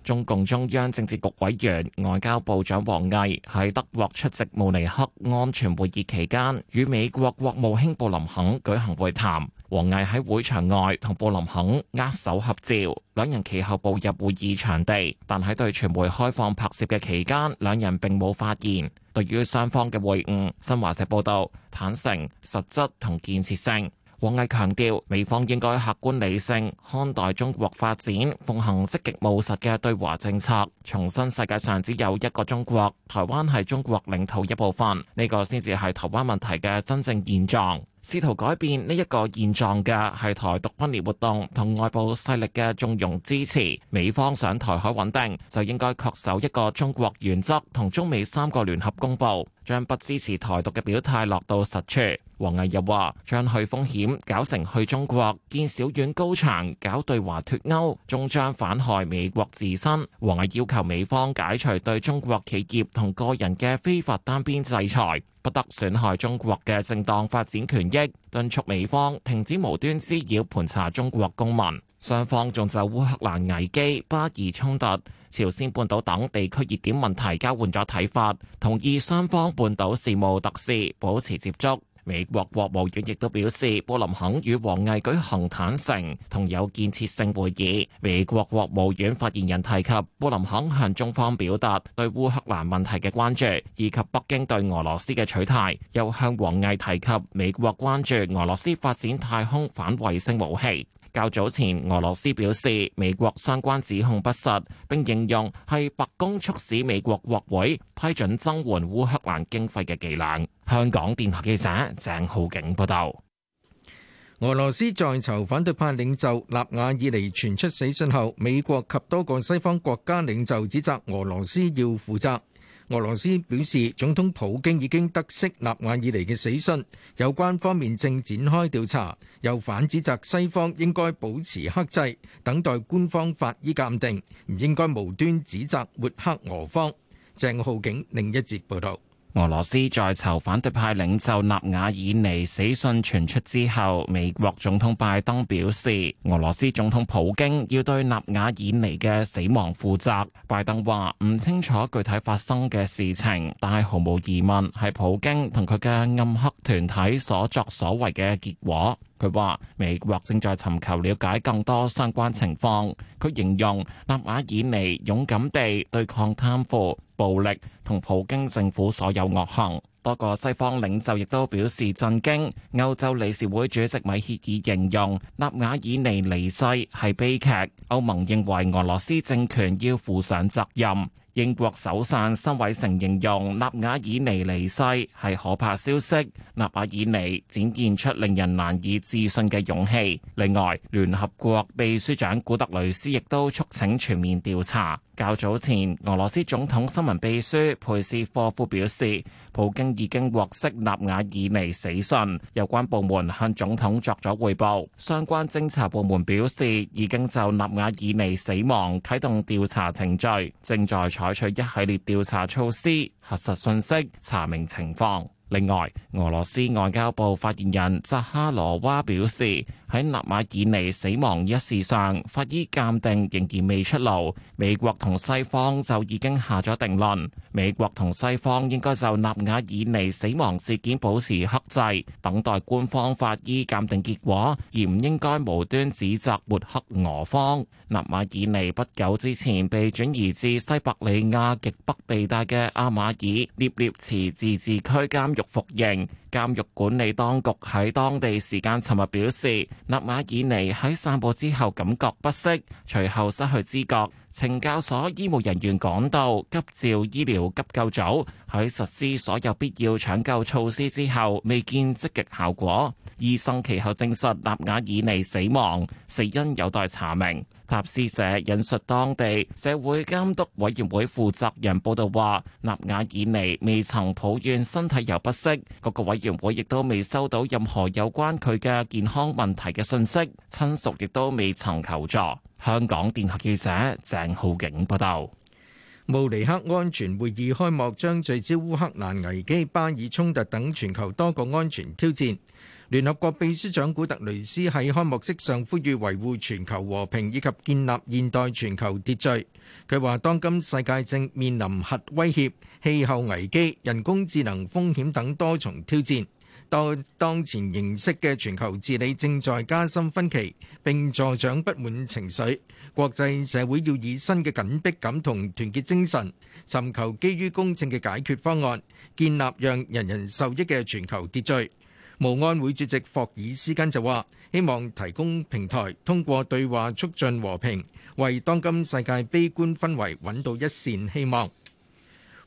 中共中央政治局委員、外交部長王毅喺德國出席慕尼黑安全會議期間，與美國國務卿布林肯舉行會談。王毅喺會場外同布林肯握手合照，兩人其後步入會議場地。但喺對傳媒開放拍攝嘅期間，兩人並冇發言。對於雙方嘅會晤，新華社報道坦誠、實質同建設性。王毅強調，美方應該客觀理性看待中國發展，奉行積極務實嘅對華政策。重申世界上只有一個中國，台灣係中國領土一部分，呢個先至係台灣問題嘅真正現狀。試圖改變呢一個現狀嘅係台獨分裂活動同外部勢力嘅縱容支持。美方想台海穩定，就應該恪守一個中國原則同中美三個聯合公報，將不支持台獨嘅表態落到實處。王毅又話：將去風險搞成去中國，建小院高牆，搞對華脫鈎，終將反害美國自身。王毅要求美方解除對中國企業同個人嘅非法單邊制裁。不得損害中國嘅正當發展權益，敦促美方停止無端滋擾盤查中國公民。雙方仲就烏克蘭危機、巴以衝突、朝鮮半島等地區熱點問題交換咗睇法，同意雙方半島事務特使保持接觸。美國國務院亦都表示，布林肯與王毅舉行坦誠同有建設性會議。美國國務院發言人提及，布林肯向中方表達對烏克蘭問題嘅關注，以及北京對俄羅斯嘅取態，又向王毅提及美國關注俄羅斯發展太空反衛星武器。較早前，俄羅斯表示美國相關指控不實，並形容係白宮促使美國國會批准增援烏克蘭經費嘅伎倆。香港電台記者鄭浩景報道：俄羅斯在囚反對派領袖納瓦爾尼傳出死訊後，美國及多個西方國家領袖指責俄羅斯要負責。俄羅斯表示，總統普京已經得悉納瓦以嚟嘅死訊，有關方面正展開調查。又反指責西方應該保持克制，等待官方法醫鑑定，唔應該無端指責抹黑俄方。鄭浩景另一節報導。俄羅斯在囚反對派領袖納瓦爾尼死訊傳出之後，美國總統拜登表示，俄羅斯總統普京要對納瓦爾尼嘅死亡負責。拜登話唔清楚具體發生嘅事情，但係毫無疑問係普京同佢嘅暗黑團體所作所為嘅結果。佢話美國正在尋求了解更多相關情況。佢形容納瓦爾尼勇敢地對抗貪腐。暴力同普京政府所有惡行，多個西方領袖亦都表示震驚，歐洲理事會主席米歇爾形容納瓦爾尼離世係悲劇，歐盟認為俄羅斯政權要負上責任。英國首相辛偉成形容納瓦爾尼離世係可怕消息，納瓦爾尼展現出令人難以置信嘅勇氣，另外，聯合國秘書長古特雷斯亦都促請全面調查。較早前，俄羅斯總統新聞秘書佩斯科夫表示，普京已經獲悉納瓦爾尼死訊，有關部門向總統作咗彙報。相關偵查部門表示，已經就納瓦爾尼死亡，啟動調查程序，正在採取一系列調查措施，核實訊息，查明情況。另外，俄羅斯外交部發言人扎哈羅娃表示。喺納瓦爾尼死亡一事上，法醫鑑定仍然未出爐，美國同西方就已經下咗定論。美國同西方應該就納瓦爾尼死亡事件保持克制，等待官方法醫鑑定結果，而唔應該無端指責抹黑俄方。納瓦爾尼不久之前被轉移至西伯利亞極北地帶嘅阿馬爾涅涅茨自治區監獄服刑。監獄管理當局喺當地時間尋日表示，納瓦爾尼喺散步之後感覺不適，隨後失去知覺。懲教所醫務人員趕到，急召醫療急救組喺實施所有必要搶救措施之後，未見積極效果。醫生其後證實納，納瓦爾尼死亡，死因有待查明。塔斯社引述當地社會監督委員會負責人報道話：納瓦爾尼未曾抱怨身體又不適，各個委員會亦都未收到任何有關佢嘅健康問題嘅信息，親屬亦都未曾求助。香港電台記者鄭浩景報道。慕尼黑安全會議開幕將聚焦烏克蘭危機、巴以衝突等全球多個安全挑戰。聯合國秘書長古特雷斯喺開幕式上呼籲維護全球和平以及建立現代全球秩序。佢話：當今世界正面臨核威脅、氣候危機、人工智能風險等多重挑戰。當當前形式嘅全球治理正在加深分歧並助長不滿情緒。國際社會要以新嘅緊迫感同團結精神尋求基於公正嘅解決方案，建立讓人人受益嘅全球秩序。無安會主席霍爾斯根就話，希望提供平台，通過對話促進和平，為當今世界悲觀氛圍揾到一線希望。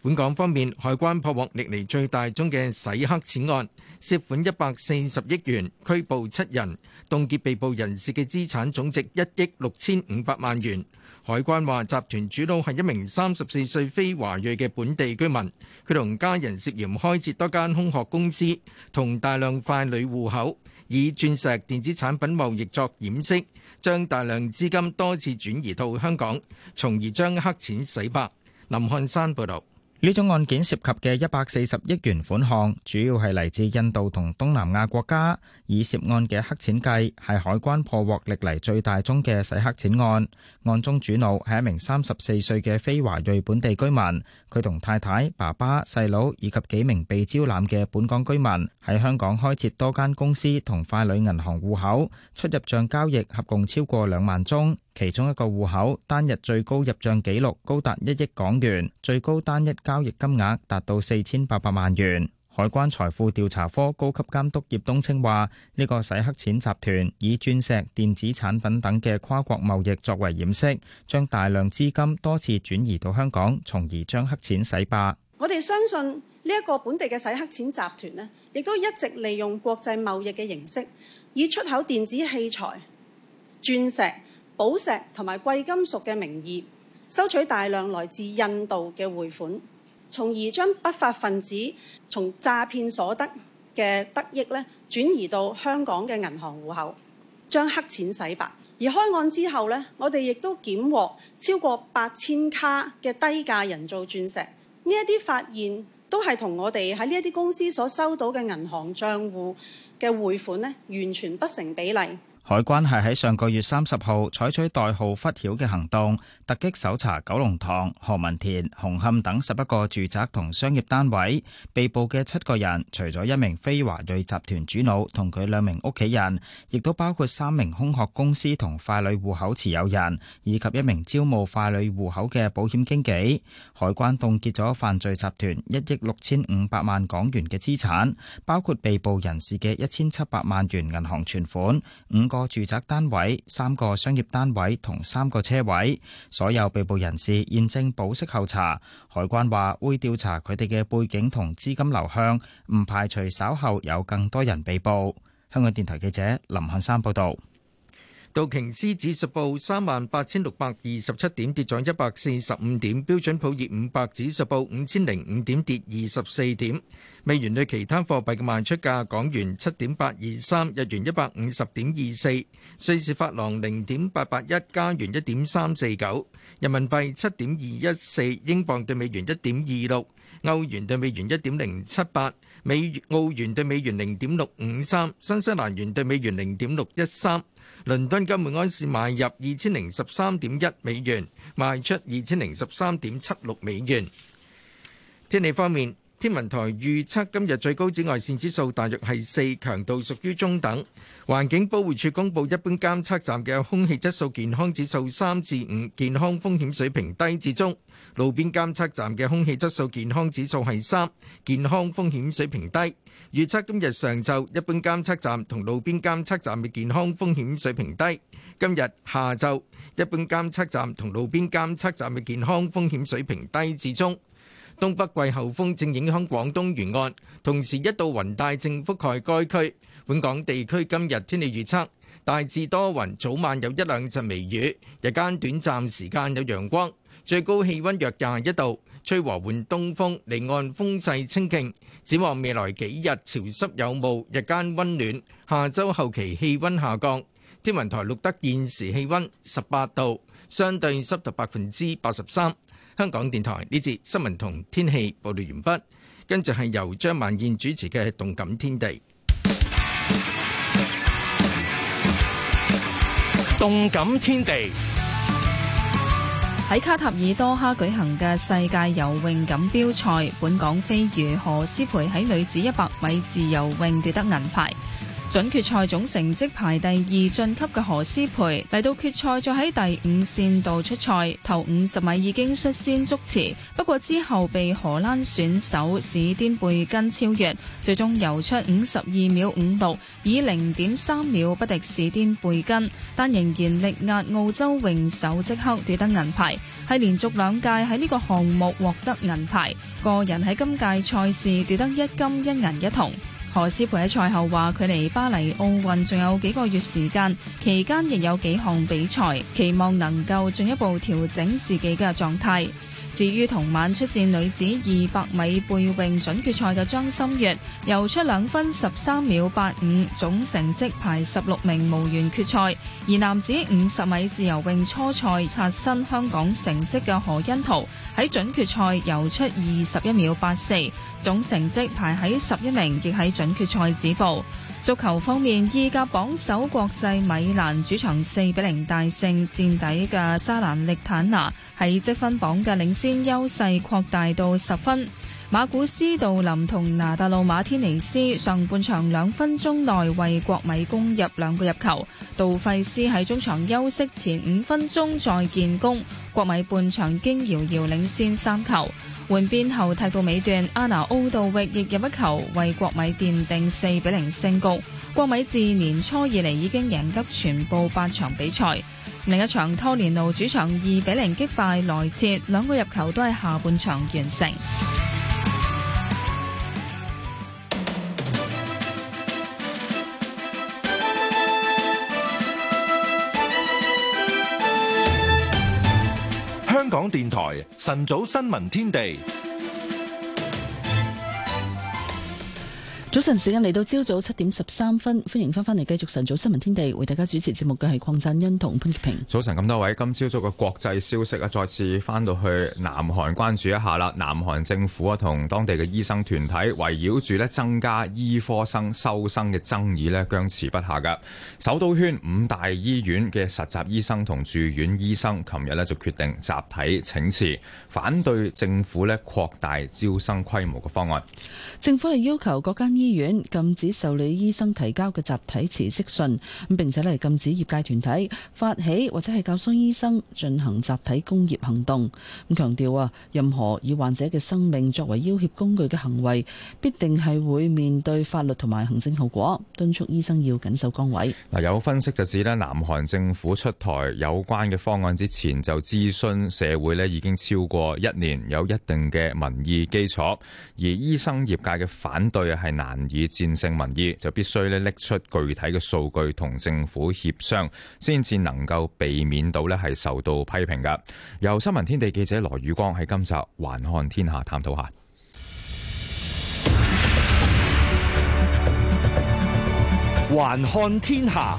本港方面，海關破獲歷嚟最大宗嘅洗黑錢案，涉款一百四十億元，拘捕七人。凍結被捕人士嘅資產總值一億六千五百萬元。海關話，集團主腦係一名三十四歲非華裔嘅本地居民，佢同家人涉嫌開設多間空殼公司，同大量傀儡戶口，以鑽石、電子產品貿易作掩飾，將大量資金多次轉移到香港，從而將黑錢洗白。林漢山報道。呢種案件涉及嘅一百四十億元款項，主要係嚟自印度同東南亞國家。以涉案嘅黑錢計，係海關破獲歷嚟最大宗嘅洗黑錢案，案。案中主腦係一名三十四歲嘅非華裔本地居民。佢同太太、爸爸、細佬以及幾名被招攬嘅本港居民喺香港開設多間公司同快女銀行戶口，出入帳交易合共超過兩萬宗。其中一個戶口單日最高入賬記錄高達一億港元，最高單一交易金額達到四千八百萬元。海關財富調查科高級監督葉東青話：呢個洗黑錢集團以鑽石、電子產品等嘅跨國貿易作為掩飾，將大量資金多次轉移到香港，從而將黑錢洗白。我哋相信呢一個本地嘅洗黑錢集團呢，亦都一直利用國際貿易嘅形式，以出口電子器材、鑽石。寶石同埋貴金屬嘅名義收取大量來自印度嘅匯款，從而將不法分子從詐騙所得嘅得益呢，轉移到香港嘅銀行戶口，將黑錢洗白。而開案之後呢，我哋亦都檢獲超過八千卡嘅低價人造鑽石，呢一啲發現都係同我哋喺呢一啲公司所收到嘅銀行帳戶嘅匯款呢，完全不成比例。海關係喺上個月三十號採取代號忽曉嘅行動，突擊搜查九龍塘何文田紅磡等十一個住宅同商業單位，被捕嘅七個人，除咗一名非華裔集團主腦同佢兩名屋企人，亦都包括三名空殼公司同傀儡戶口持有人，以及一名招募傀儡戶口嘅保險經紀。海關凍結咗犯罪集團一億六千五百萬港元嘅資產，包括被捕人士嘅一千七百萬元銀行存款，五個。個住宅單位、三個商業單位同三個車位，所有被捕人士現正保釋候查。海關話會調查佢哋嘅背景同資金流向，唔排除稍後有更多人被捕。香港電台記者林漢山報道。道瓊斯指數報三萬八千六百二十七點，跌咗一百四十五點。標準普爾五百指數報五千零五點，跌二十四點。美元對其他貨幣嘅賣出價：港元七點八二三，日元一百五十點二四，瑞士法郎零點八八一，加元一點三四九，人民幣七點二一四，英鎊對美元一點二六。歐元兌美元一點零七八，美澳元兌美元零點六五三，新西蘭元兌美元零點六一三。倫敦金每安士買入二千零十三點一美元，賣出二千零十三點七六美元。天氣方面，天文台預測今日最高紫外線指數大約係四，強度屬於中等。環境保護署公布一般監測站嘅空氣質素健康指數三至五，健康風險水平低至中。路邊監測站嘅空氣質素健康指數係三，健康風險水平低。預測今日上晝一般監測站同路邊監測站嘅健康風險水平低。今日下晝一般監測站同路邊監測站嘅健康風險水平低至中。東北季候風正影響廣東沿岸，同時一道雲帶正覆蓋該區。本港地區今日天氣預測大致多雲，早晚有一兩陣微雨，日間短暫時間有陽光。最高氣溫約廿一度，吹和緩東風，離岸風勢清勁。展望未來幾日潮濕有霧，日間溫暖。下周後期氣溫下降。天文台錄得現時氣溫十八度，相對濕度百分之八十三。香港電台呢節新聞同天氣報道完畢，跟住係由張萬燕主持嘅《動感天地》。《動感天地》喺卡塔爾多哈舉行嘅世界游泳錦標賽，本港飛魚何詩蓓喺女子一百米自由泳奪得銀牌。準決賽總成績排第二晉級嘅何詩蓓嚟到決賽再喺第五線度出賽，頭五十米已經率先觸池，不過之後被荷蘭選手史甸貝根超越，最終游出五十二秒五六，以零點三秒不敵史甸貝根，但仍然力壓澳洲泳手即刻奪得銀牌，係連續兩屆喺呢個項目獲得銀牌，個人喺今屆賽事奪得一金一銀一銅。何詩培喺賽後話，距離巴黎奧運仲有幾個月時間，期間亦有幾項比賽，期望能夠進一步調整自己嘅狀態。至於同晚出戰女子二百米背泳準決賽嘅張心悦，游出兩分十三秒八五，總成績排十六名無緣決賽。而男子五十米自由泳初賽刷新香港成績嘅何恩圖，喺準決賽游出二十一秒八四，總成績排喺十一名，亦喺準決賽止步。足球方面，意甲榜首國際米蘭主場四比零大勝墊底嘅沙蘭力坦拿，喺積分榜嘅領先優勢擴大到十分。馬古斯杜林同拿大路馬天尼斯上半場兩分鐘內為國米攻入兩個入球，杜費斯喺中場休息前五分鐘再建功，國米半場經遙遙領先三球。換邊後踢到尾段，阿拿奧道域亦入一球，為國米奠定四比零勝局。國米自年初以嚟已經贏得全部八場比賽，另一場托連路主場二比零擊敗萊切，兩個入球都係下半場完成。電台晨早新聞天地。早晨，時間嚟到朝早七點十三分，歡迎翻翻嚟繼續晨早新聞天地，為大家主持節目嘅係鄺振恩同潘潔平。早晨咁多位，今朝早嘅國際消息啊，再次翻到去南韓關注一下啦。南韓政府啊，同當地嘅醫生團體圍繞住咧增加醫科生收生嘅爭議咧，僵持不下噶。首都圈五大醫院嘅實習醫生同住院醫生，琴日咧就決定集體請辭，反對政府咧擴大招生規模嘅方案。政府係要求各間醫醫院禁止受理醫生提交嘅集體辭職信，並且咧禁止業界團體發起或者係教唆醫生進行集體工業行動。咁強調啊，任何以患者嘅生命作為要挾工具嘅行為，必定係會面對法律同埋行政後果。敦促醫生要緊守崗位。嗱，有分析就指南韓政府出台有關嘅方案之前，就諮詢社會咧，已經超過一年，有一定嘅民意基礎，而醫生業界嘅反對係難。難以戰勝民意，就必須咧拎出具體嘅數據同政府協商，先至能夠避免到咧係受到批評嘅。由新聞天地記者羅宇光喺今集《還看天下》探討下《還看天下》。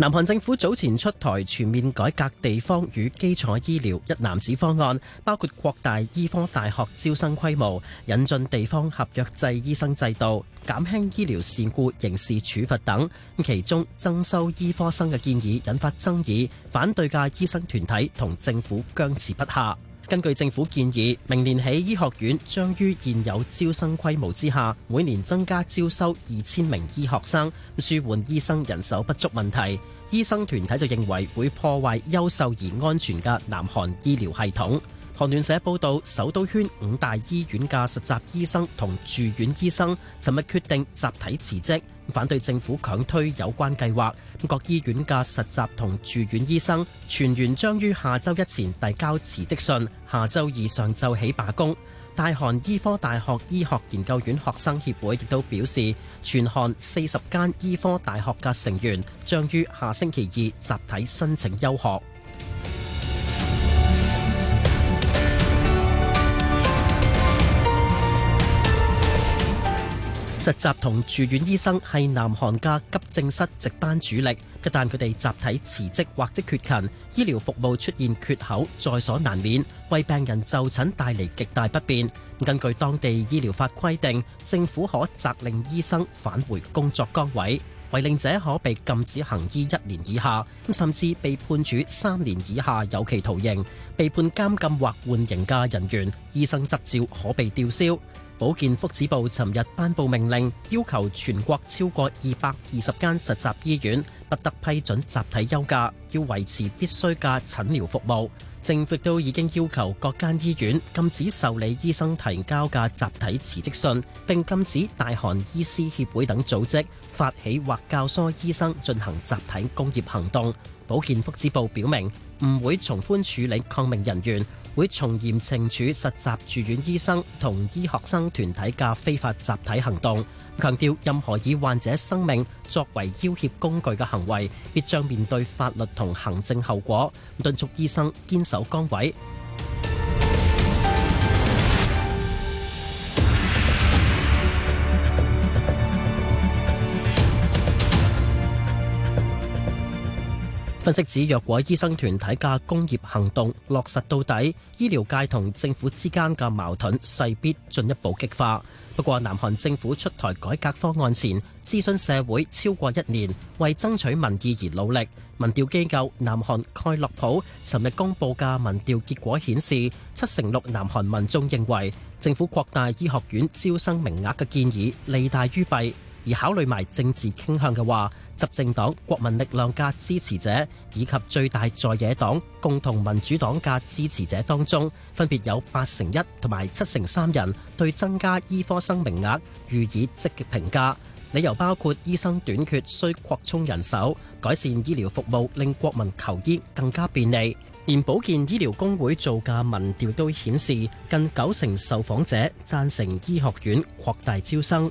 南韓政府早前出台全面改革地方與基礎醫療一攬子方案，包括擴大醫科大學招生規模、引進地方合約制醫生制度、減輕醫療事故刑事處罰等。其中增收醫科生嘅建議引發爭議，反對嘅醫生團體同政府僵持不下。根據政府建議，明年起醫學院將於現有招生規模之下，每年增加招收二千名醫學生，舒緩醫生人手不足問題。醫生團體就認為會破壞優秀而安全嘅南韓醫療系統。韓聯社報道，首都圈五大醫院嘅實習醫生同住院醫生，尋日決定集體辭職，反對政府強推有關計劃。各醫院嘅實習同住院醫生，全員將於下周一前遞交辭職信，下周二上晝起罷工。大韓醫科大學醫學研究院學生協會亦都表示，全韓四十間醫科大學嘅成員，將於下星期二集體申請休學。實習同住院醫生係南韓嘅急症室值班主力，一旦佢哋集體辭職或者缺勤，醫療服務出現缺口，在所難免，為病人就診帶嚟極大不便。根據當地醫療法規定，政府可責令醫生返回工作崗位，違令者可被禁止行醫一年以下，甚至被判處三年以下有期徒刑，被判監禁或緩刑嘅人員，醫生執照可被吊銷。保健福祉部尋日頒布命令，要求全國超過二百二十間實習醫院不得批准集體休假，要維持必須嘅診療服務。政府都已經要求各間醫院禁止受理醫生提交嘅集體辭職信，並禁止大韓醫師協會等組織發起或教唆醫生進行集體工業行動。保健福祉部表明唔會從寬處理抗命人員，會從嚴懲處實習住院醫生同醫學生團體嘅非法集體行動，強調任何以患者生命作為要挾工具嘅行為，必將面對法律同行政後果，敦促醫生堅守崗位。分析指，若果醫生團體嘅工業行動落實到底，醫療界同政府之間嘅矛盾勢必進一步激化。不過，南韓政府出台改革方案前，諮詢社會超過一年，為爭取民意而努力。民調機構南韓蓋洛普尋日公布嘅民調結果顯示，七成六南韓民眾認為政府擴大醫學院招生名額嘅建議利大於弊。而考慮埋政治傾向嘅話，執政黨國民力量嘅支持者以及最大在野黨共同民主黨嘅支持者當中，分別有八成一同埋七成三人對增加醫科生名額予以積極評價，理由包括醫生短缺需擴充人手、改善醫療服務令國民求醫更加便利。連保健醫療工會做嘅民調都顯示，近九成受訪者贊成醫學院擴大招生。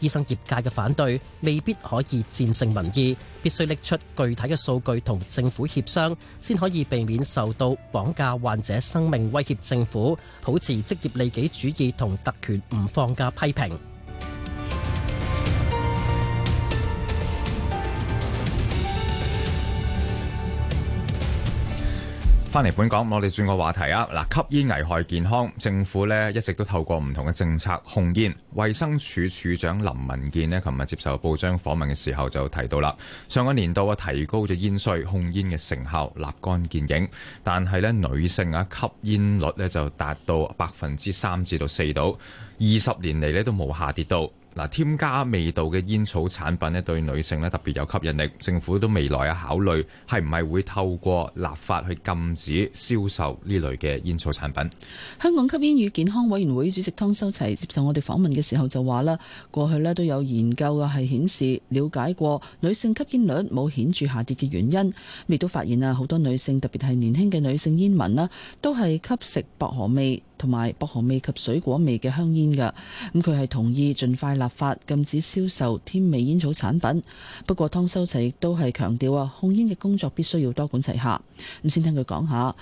醫生業界嘅反對未必可以戰勝民意，必須拎出具體嘅數據同政府協商，先可以避免受到綁架患者生命威脅政府，保持職業利己主義同特權唔放嘅批評。翻嚟本港，我哋轉個話題啊！嗱，吸煙危害健康，政府呢一直都透過唔同嘅政策控煙。衛生署署長林文健呢，琴日接受報章訪問嘅時候就提到啦，上個年度啊提高咗煙稅，控煙嘅成效立竿見影。但係呢，女性啊吸煙率呢就達到百分之三至到四度，二十年嚟呢都冇下跌到。嗱，添加味道嘅煙草產品咧，對女性咧特別有吸引力。政府都未來嘅考慮係唔係會透過立法去禁止銷售呢類嘅煙草產品？香港吸煙與健康委員會主席湯修齊接受我哋訪問嘅時候就話啦，過去咧都有研究嘅係顯示，了解過女性吸煙率冇顯著下跌嘅原因，亦都發現啊，好多女性特別係年輕嘅女性煙民啦，都係吸食薄荷味。同埋薄荷味及水果味嘅香煙嘅，咁佢係同意盡快立法禁止銷售添味煙草產品。不過湯修齊亦都係強調啊，控煙嘅工作必須要多管齊下。咁先聽佢講下，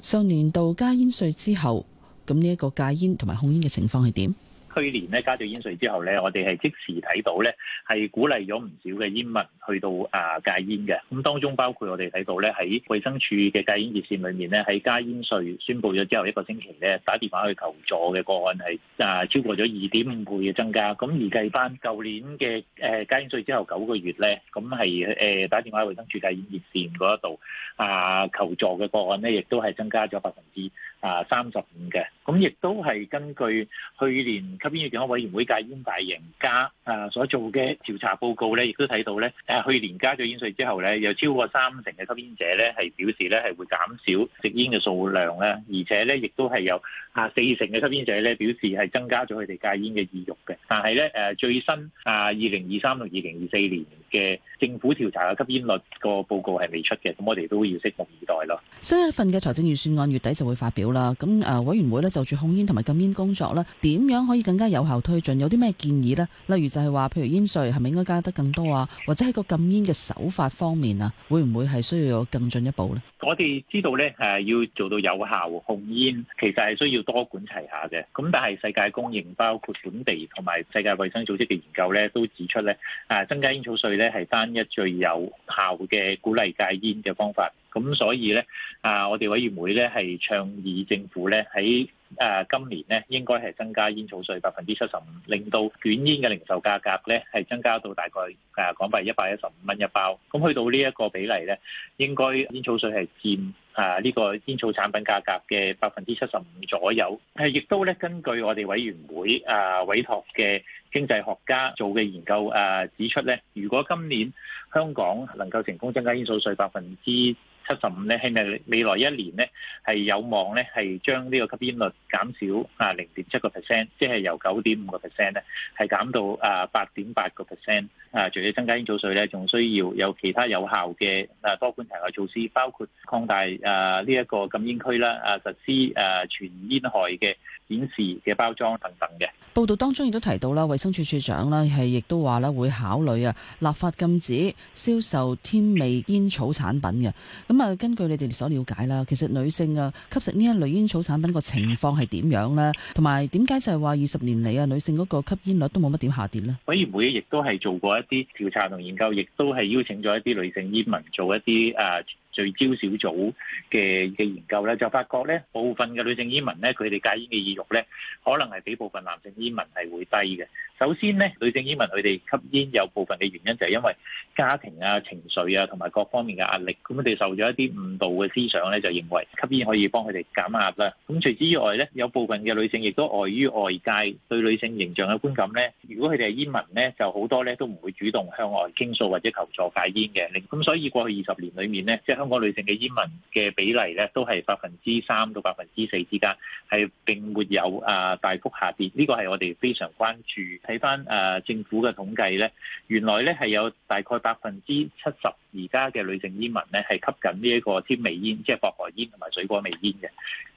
上年度加煙稅之後，咁呢一個戒煙同埋控煙嘅情況係點？去年咧加咗煙稅之後咧，我哋係即時睇到咧，係鼓勵咗唔少嘅煙民去到啊戒煙嘅。咁當中包括我哋睇到咧，喺衞生署嘅戒煙熱線裏面咧，喺加煙稅宣布咗之後一個星期咧，打電話去求助嘅個案係啊超過咗二點五倍嘅增加。咁而計翻舊年嘅誒加煙稅之後九個月咧，咁係誒打電話喺衞生署戒煙熱線嗰一度啊求助嘅個案咧，亦都係增加咗百分之啊三十五嘅。咁亦都係根據去年。吸煙與健康委員會戒煙大贏家啊所做嘅調查報告咧，亦都睇到咧，誒去年加咗煙稅之後咧，有超過三成嘅吸煙者咧係表示咧係會減少食煙嘅數量啦，而且咧亦都係有啊四成嘅吸煙者咧表示係增加咗佢哋戒煙嘅意欲嘅，但係咧誒最新啊二零二三同二零二四年嘅政府調查嘅吸煙率個報告係未出嘅，咁我哋都要拭目以待咯。新一份嘅財政預算案月底就會發表啦。咁誒，委員會咧就住控煙同埋禁煙工作咧，點樣可以更加有效推進？有啲咩建議呢？例如就係話，譬如煙稅係咪應該加得更多啊？或者喺個禁煙嘅手法方面啊，會唔會係需要有更進一步呢？我哋知道咧，誒要做到有效控煙，其實係需要多管齊下嘅。咁但係世界公認，包括本地同埋世界衞生組織嘅研究咧，都指出咧，誒增加煙草稅。咧係單一最有效嘅鼓勵戒煙嘅方法，咁所以咧啊，我哋委員會咧係倡議政府咧喺誒今年咧應該係增加煙草稅百分之七十五，令到捲煙嘅零售價格咧係增加到大概誒港幣一百一十五蚊一包。咁去到呢一個比例咧，應該煙草稅係佔誒呢個煙草產品價格嘅百分之七十五左右。係亦都咧根據我哋委員會誒委託嘅經濟學家做嘅研究誒指出咧，如果今年香港能夠成功增加煙草稅百分之七十五咧，係咪未來一年咧係有望咧係將呢個吸煙率減少啊零點七個 percent，即係由九點五個 percent 咧係減到啊八點八個 percent。誒、啊，除咗增加煙草稅呢，仲需要有其他有效嘅誒、啊、多管齊下措施，包括擴大誒呢一個禁煙區啦，誒、啊、實施誒、啊、全煙害嘅警示嘅包裝等等嘅。報道當中亦都提到啦，衛生署署長啦係亦都話啦，會考慮啊立法禁止銷售添味煙草產品嘅。咁啊，根據你哋所了解啦，其實女性啊吸食呢一類煙草產品個情況係點樣呢？同埋點解就係話二十年嚟啊，女性嗰個吸煙率都冇乜點下跌呢？委員會亦都係做過一啲調查同研究，亦都係邀請咗一啲女性煙民做一啲誒。Uh, 聚焦小組嘅嘅研究咧，就發覺咧，部分嘅女性煙民咧，佢哋戒煙嘅意欲咧，可能係比部分男性煙民係會低嘅。首先咧，女性煙民佢哋吸煙有部分嘅原因就係因為家庭啊、情緒啊同埋各方面嘅壓力，咁佢哋受咗一啲誤導嘅思想咧，就認為吸煙可以幫佢哋減壓啦。咁除此之以外除此之外咧，有部分嘅女性亦都礙、呃、於外界對女性形象嘅觀感咧，如果佢哋係煙民咧，就好多咧都唔會主動向外傾訴或者求助戒煙嘅。咁所以過去二十年裡面咧，即係。香港女性嘅煙民嘅比例咧，都係百分之三到百分之四之間，係並沒有啊大幅下跌。呢、這個係我哋非常關注。睇翻誒政府嘅統計咧，原來咧係有大概百分之七十。而家嘅女性煙民咧係吸緊呢一個天味煙，即係薄荷煙同埋水果味煙嘅。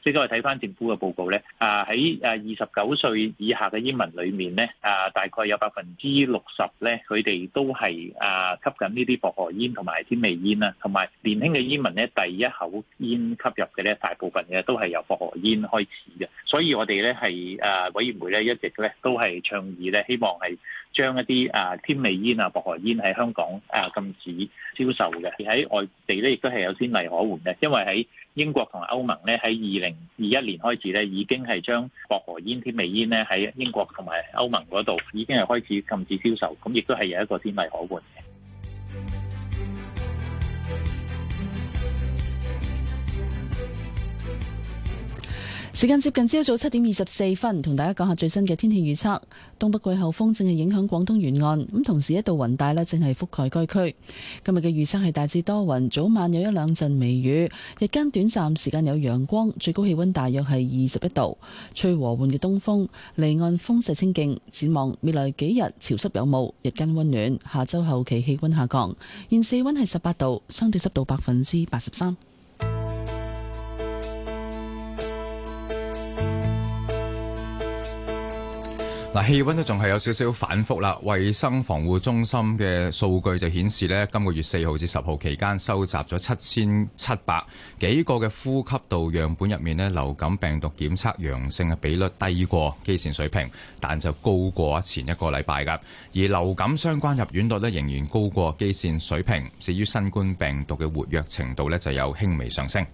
即係我睇翻政府嘅報告咧，啊喺啊二十九歲以下嘅煙民裡面咧，啊大概有百分之六十咧，佢哋都係啊吸緊呢啲薄荷煙同埋天味煙啊，同埋年輕嘅煙民咧第一口煙吸入嘅咧，大部分嘅都係由薄荷煙開始嘅。所以我哋咧係啊委員會咧一直咧都係倡議咧，希望係將一啲啊天味煙啊薄荷煙喺香港啊禁止。銷售嘅。而喺外地咧，亦都係有先例可換嘅。因為喺英國同埋歐盟咧，喺二零二一年開始咧，已經係將薄荷煙、甜味煙咧喺英國同埋歐盟嗰度已經係開始禁止銷售，咁亦都係有一個先例可換嘅。時間接近朝早七點二十四分，同大家講下最新嘅天氣預測。東北季候風正係影響廣東沿岸，咁同時一道雲帶呢正係覆蓋該區。今日嘅預測係大致多雲，早晚有一兩陣微雨，日間短暫時間有陽光，最高氣温大約係二十一度，吹和緩嘅東風，離岸風勢清勁。展望未來幾日潮濕有霧，日間温暖，下周後期氣温下降，現時温係十八度，相對濕度百分之八十三。嗱，氣温都仲係有少少反覆啦。衞生防護中心嘅數據就顯示呢，今個月四號至十號期間收集咗七千七百幾個嘅呼吸道樣本入面呢，流感病毒檢測陽性嘅比率低過基線水平，但就高過前一個禮拜㗎。而流感相關入院率呢，仍然高過基線水平。至於新冠病毒嘅活躍程度呢，就有輕微上升。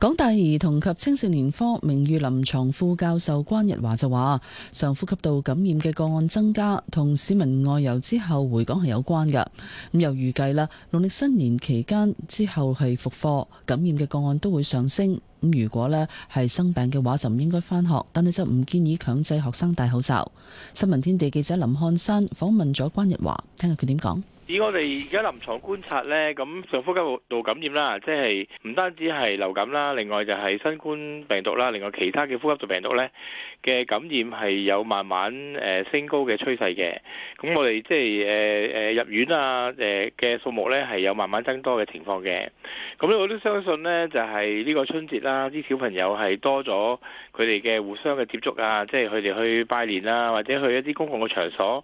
港大兒童及青少年科名譽臨床副教授關日華就話，上呼吸道感染嘅個案增加，同市民外遊之後回港係有關嘅。咁又預計啦，農曆新年期間之後係復課，感染嘅個案都會上升。咁如果咧係生病嘅話，就唔應該返學。但係就唔建議強制學生戴口罩。新聞天地記者林漢山訪問咗關日華，聽下佢點講。以我哋而家臨床觀察呢，咁上呼吸道感染啦，即係唔單止係流感啦，另外就係新冠病毒啦，另外其他嘅呼吸道病毒呢嘅感染係有慢慢誒升高嘅趨勢嘅。咁我哋即係誒誒入院啊誒嘅數目呢係有慢慢增多嘅情況嘅。咁我都相信呢，就係呢個春節啦，啲小朋友係多咗佢哋嘅互相嘅接觸啊，即係佢哋去拜年啊，或者去一啲公共嘅場所。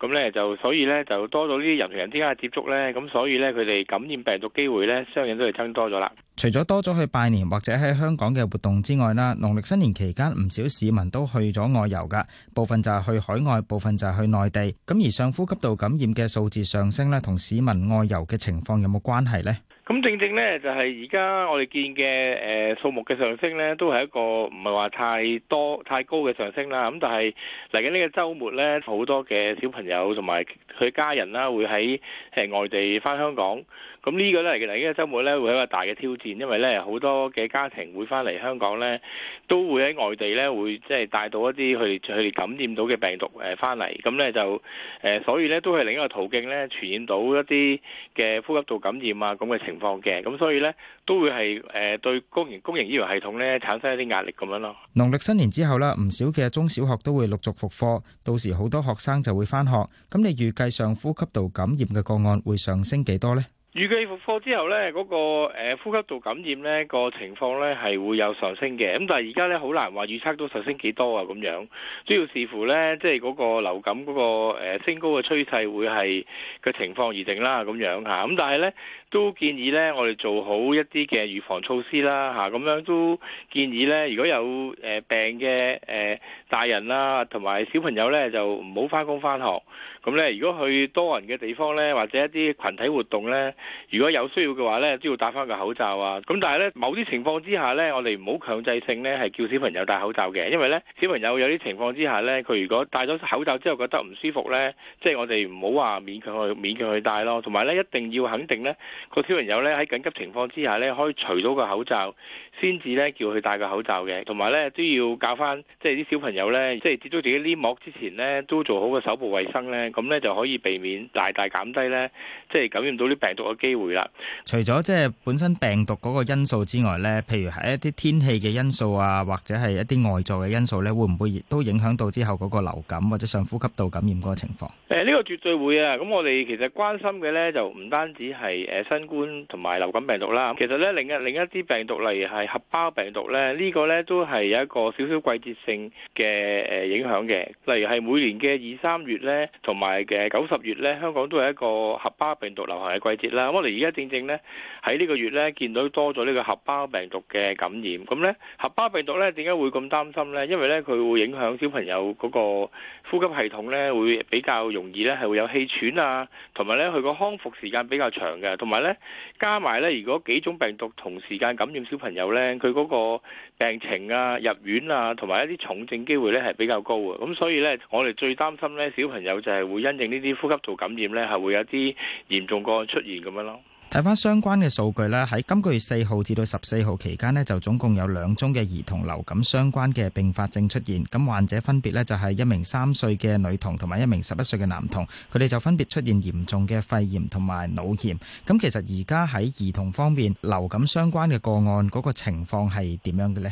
咁咧就所以咧就多咗呢啲人同人之間嘅接觸咧，咁所以咧佢哋感染病毒機會咧相應都係增多咗啦。除咗多咗去拜年或者喺香港嘅活動之外啦，農曆新年期間唔少市民都去咗外遊㗎，部分就係去海外，部分就係去內地。咁而上呼吸道感染嘅數字上升咧，同市民外遊嘅情況有冇關係呢？咁正正咧，就係而家我哋見嘅誒數目嘅上升咧，都係一個唔係話太多太高嘅上升啦。咁但係嚟緊呢個週末咧，好多嘅小朋友同埋佢家人啦，會喺誒外地翻香港。咁呢個咧嚟緊呢個週末咧，會有一個大嘅挑戰，因為咧好多嘅家庭會翻嚟香港咧，都會喺外地咧，會即係帶到一啲佢哋佢哋感染到嘅病毒誒翻嚟。咁咧就誒，所以咧都係另一個途徑咧傳染到一啲嘅呼吸道感染啊咁嘅情。嘅咁，所以咧都會係誒對公營公營醫療系統咧產生一啲壓力咁樣咯。農曆新年之後啦，唔少嘅中小學都會陸續復課，到時好多學生就會返學。咁你預計上呼吸道感染嘅個案會上升幾多咧？預計復課之後咧，嗰個誒呼吸道感染咧個情況咧係會有上升嘅。咁但係而家咧好難話預測到上升幾多啊咁樣，主要視乎咧即係嗰個流感嗰個誒升高嘅趨勢會係個情況而定啦咁樣嚇。咁但係咧。都建議咧，我哋做好一啲嘅預防措施啦，嚇、啊、咁樣都建議咧。如果有誒、呃、病嘅誒、呃、大人啦、啊，同埋小朋友咧，就唔好翻工翻學。咁咧，如果去多人嘅地方咧，或者一啲群體活動咧，如果有需要嘅話咧，都要戴翻個口罩啊。咁但係咧，某啲情況之下咧，我哋唔好強制性咧係叫小朋友戴口罩嘅，因為咧小朋友有啲情況之下咧，佢如果戴咗口罩之後覺得唔舒服咧，即、就、係、是、我哋唔好話勉強去勉強去戴咯。同埋咧，一定要肯定咧。個小朋友咧喺緊急情況之下咧，可以除到個口罩，先至咧叫佢戴個口罩嘅。同埋咧都要教返，即係啲小朋友咧，即係接觸自己黏膜之前咧，都做好個手部衛生咧，咁咧就可以避免大大減低咧，即係感染到啲病毒嘅機會啦。除咗即係本身病毒嗰個因素之外咧，譬如係一啲天氣嘅因素啊，或者係一啲外在嘅因素咧，會唔會亦都影響到之後嗰個流感或者上呼吸道感染嗰個情況？誒，呢個絕對會啊！咁我哋其實關心嘅咧，就唔單止係誒。新冠同埋流感病毒啦，其實咧，另一另一啲病毒，例如係合胞病毒咧，呢個咧都係有一個少少季節性嘅誒影響嘅。例如係每年嘅二三月咧，同埋嘅九十月咧，香港都係一個合胞病毒流行嘅季節啦。咁我哋而家正正咧喺呢個月咧，見到多咗呢個合胞病毒嘅感染，咁咧合胞病毒咧點解會咁擔心咧？因為咧佢會影響小朋友嗰個呼吸系統咧，會比較容易咧係會有氣喘啊，同埋咧佢個康復時間比較長嘅，同埋。咧加埋咧，如果幾種病毒同時間感染小朋友咧，佢嗰個病情啊、入院啊，同埋一啲重症機會咧，係比較高嘅。咁所以咧，我哋最擔心咧，小朋友就係會因應呢啲呼吸道感染咧，係會有啲嚴重個案出現咁樣咯。睇翻相關嘅數據啦。喺今個月四號至到十四號期間呢，就總共有兩宗嘅兒童流感相關嘅併發症出現。咁患者分別呢，就係一名三歲嘅女童同埋一名十一歲嘅男童，佢哋就分別出現嚴重嘅肺炎同埋腦炎。咁其實而家喺兒童方面，流感相關嘅個案嗰個情況係點樣嘅呢？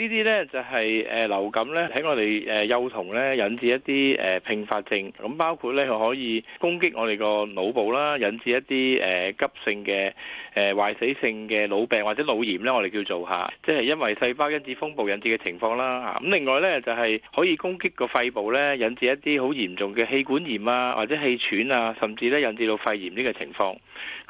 呢啲咧就係誒流感咧喺我哋誒幼童咧引致一啲誒併發症，咁包括咧佢可以攻擊我哋個腦部啦，引致一啲誒急性嘅誒壞死性嘅腦病或者腦炎咧，我哋叫做嚇，即係因為細胞因子風暴引致嘅情況啦嚇。咁另外咧就係可以攻擊個肺部咧，引致一啲好嚴重嘅氣管炎啊，或者氣喘啊，甚至咧引致到肺炎呢個情況。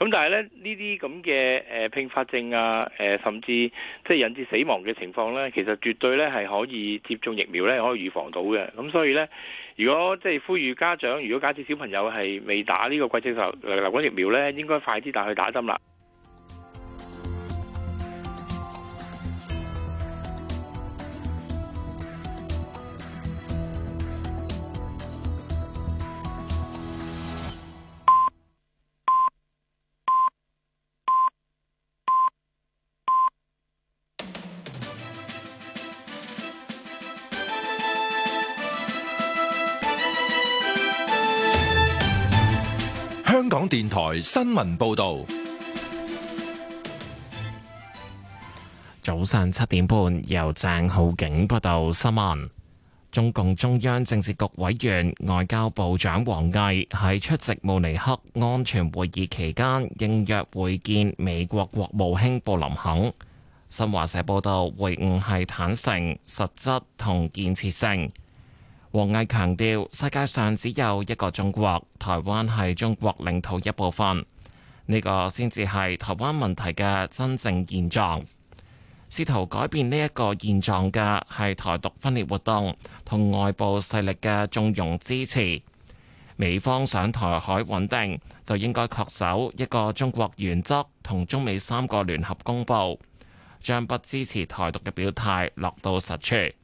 咁但係咧呢啲咁嘅誒併發症啊，誒、呃、甚至即係引致死亡嘅情況咧，其實絕對咧係可以接種疫苗咧，可以預防到嘅。咁所以咧，如果即係呼籲家長，如果假設小朋友係未打呢個季節流流感疫苗咧，應該快啲帶佢打針啦。電台新聞報道：早上七點半，由鄭浩景報道新聞。中共中央政治局委員、外交部長王毅喺出席慕尼黑安全會議期間，應約會見美國國務卿布林肯。新華社報道，會晤係坦誠、實質同建設性。王毅強調，世界上只有一個中國，台灣係中國領土一部分，呢個先至係台灣問題嘅真正現狀。試圖改變呢一個現狀嘅係台獨分裂活動同外部勢力嘅縱容支持。美方想台海穩定，就應該恪守一個中國原則同中美三個聯合公佈，將不支持台獨嘅表態落到實處。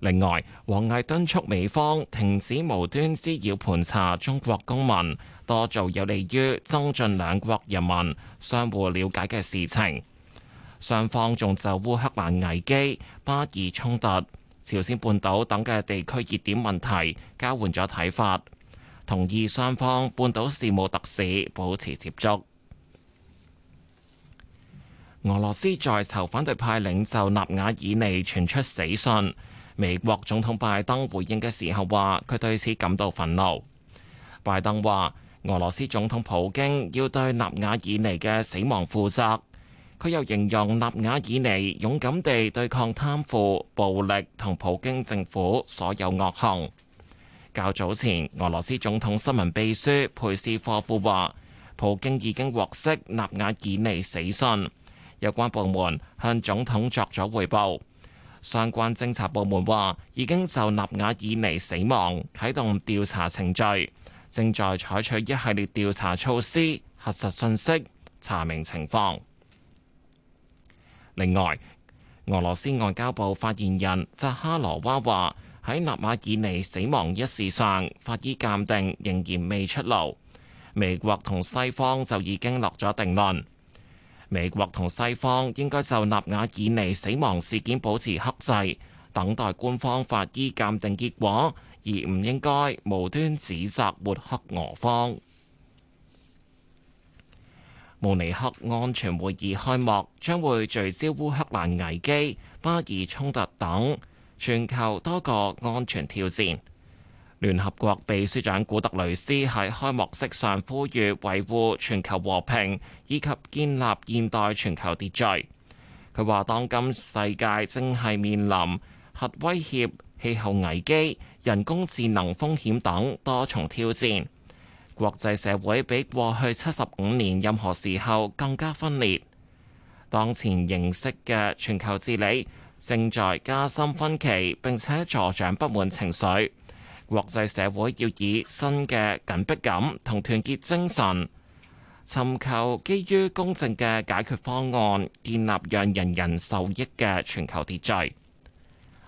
另外，王毅敦促美方停止無端滋擾盤查中國公民，多做有利於增進兩國人民相互了解嘅事情。雙方仲就烏克蘭危機、巴以衝突、朝鮮半島等嘅地區熱點問題交換咗睇法，同意雙方半島事務特使保持接觸。俄羅斯在囚反對派領袖納瓦爾尼傳出死訊。美國總統拜登回應嘅時候話，佢對此感到憤怒。拜登話，俄羅斯總統普京要對納瓦爾尼嘅死亡負責。佢又形容納瓦爾尼勇敢地對抗貪腐、暴力同普京政府所有惡行。較早前，俄羅斯總統新聞秘書佩斯科夫話，普京已經獲悉納瓦爾尼死訊，有關部門向總統作咗彙報。相關偵察部門話，已經就納瓦爾尼死亡啟動調查程序，正在採取一系列調查措施，核實信息，查明情況。另外，俄羅斯外交部發言人扎哈羅娃話：喺納瓦爾尼死亡一事上，法醫鑑定仍然未出爐，美國同西方就已經落咗定論。美國同西方應該就納瓦爾尼死亡事件保持克制，等待官方法醫鑑定結果，而唔應該無端指責抹黑俄方。慕尼黑安全會議開幕，將會聚焦烏克蘭危機、巴以衝突等全球多個安全挑戰。聯合國秘書長古特雷斯喺開幕式上呼籲維護全球和平，以及建立現代全球秩序。佢話：當今世界正係面臨核威脅、氣候危機、人工智能風險等多重挑戰。國際社會比過去七十五年任何時候更加分裂。當前形式嘅全球治理正在加深分歧，並且助長不滿情緒。國際社會要以新嘅緊迫感同團結精神，尋求基於公正嘅解決方案，建立讓人人受益嘅全球秩序。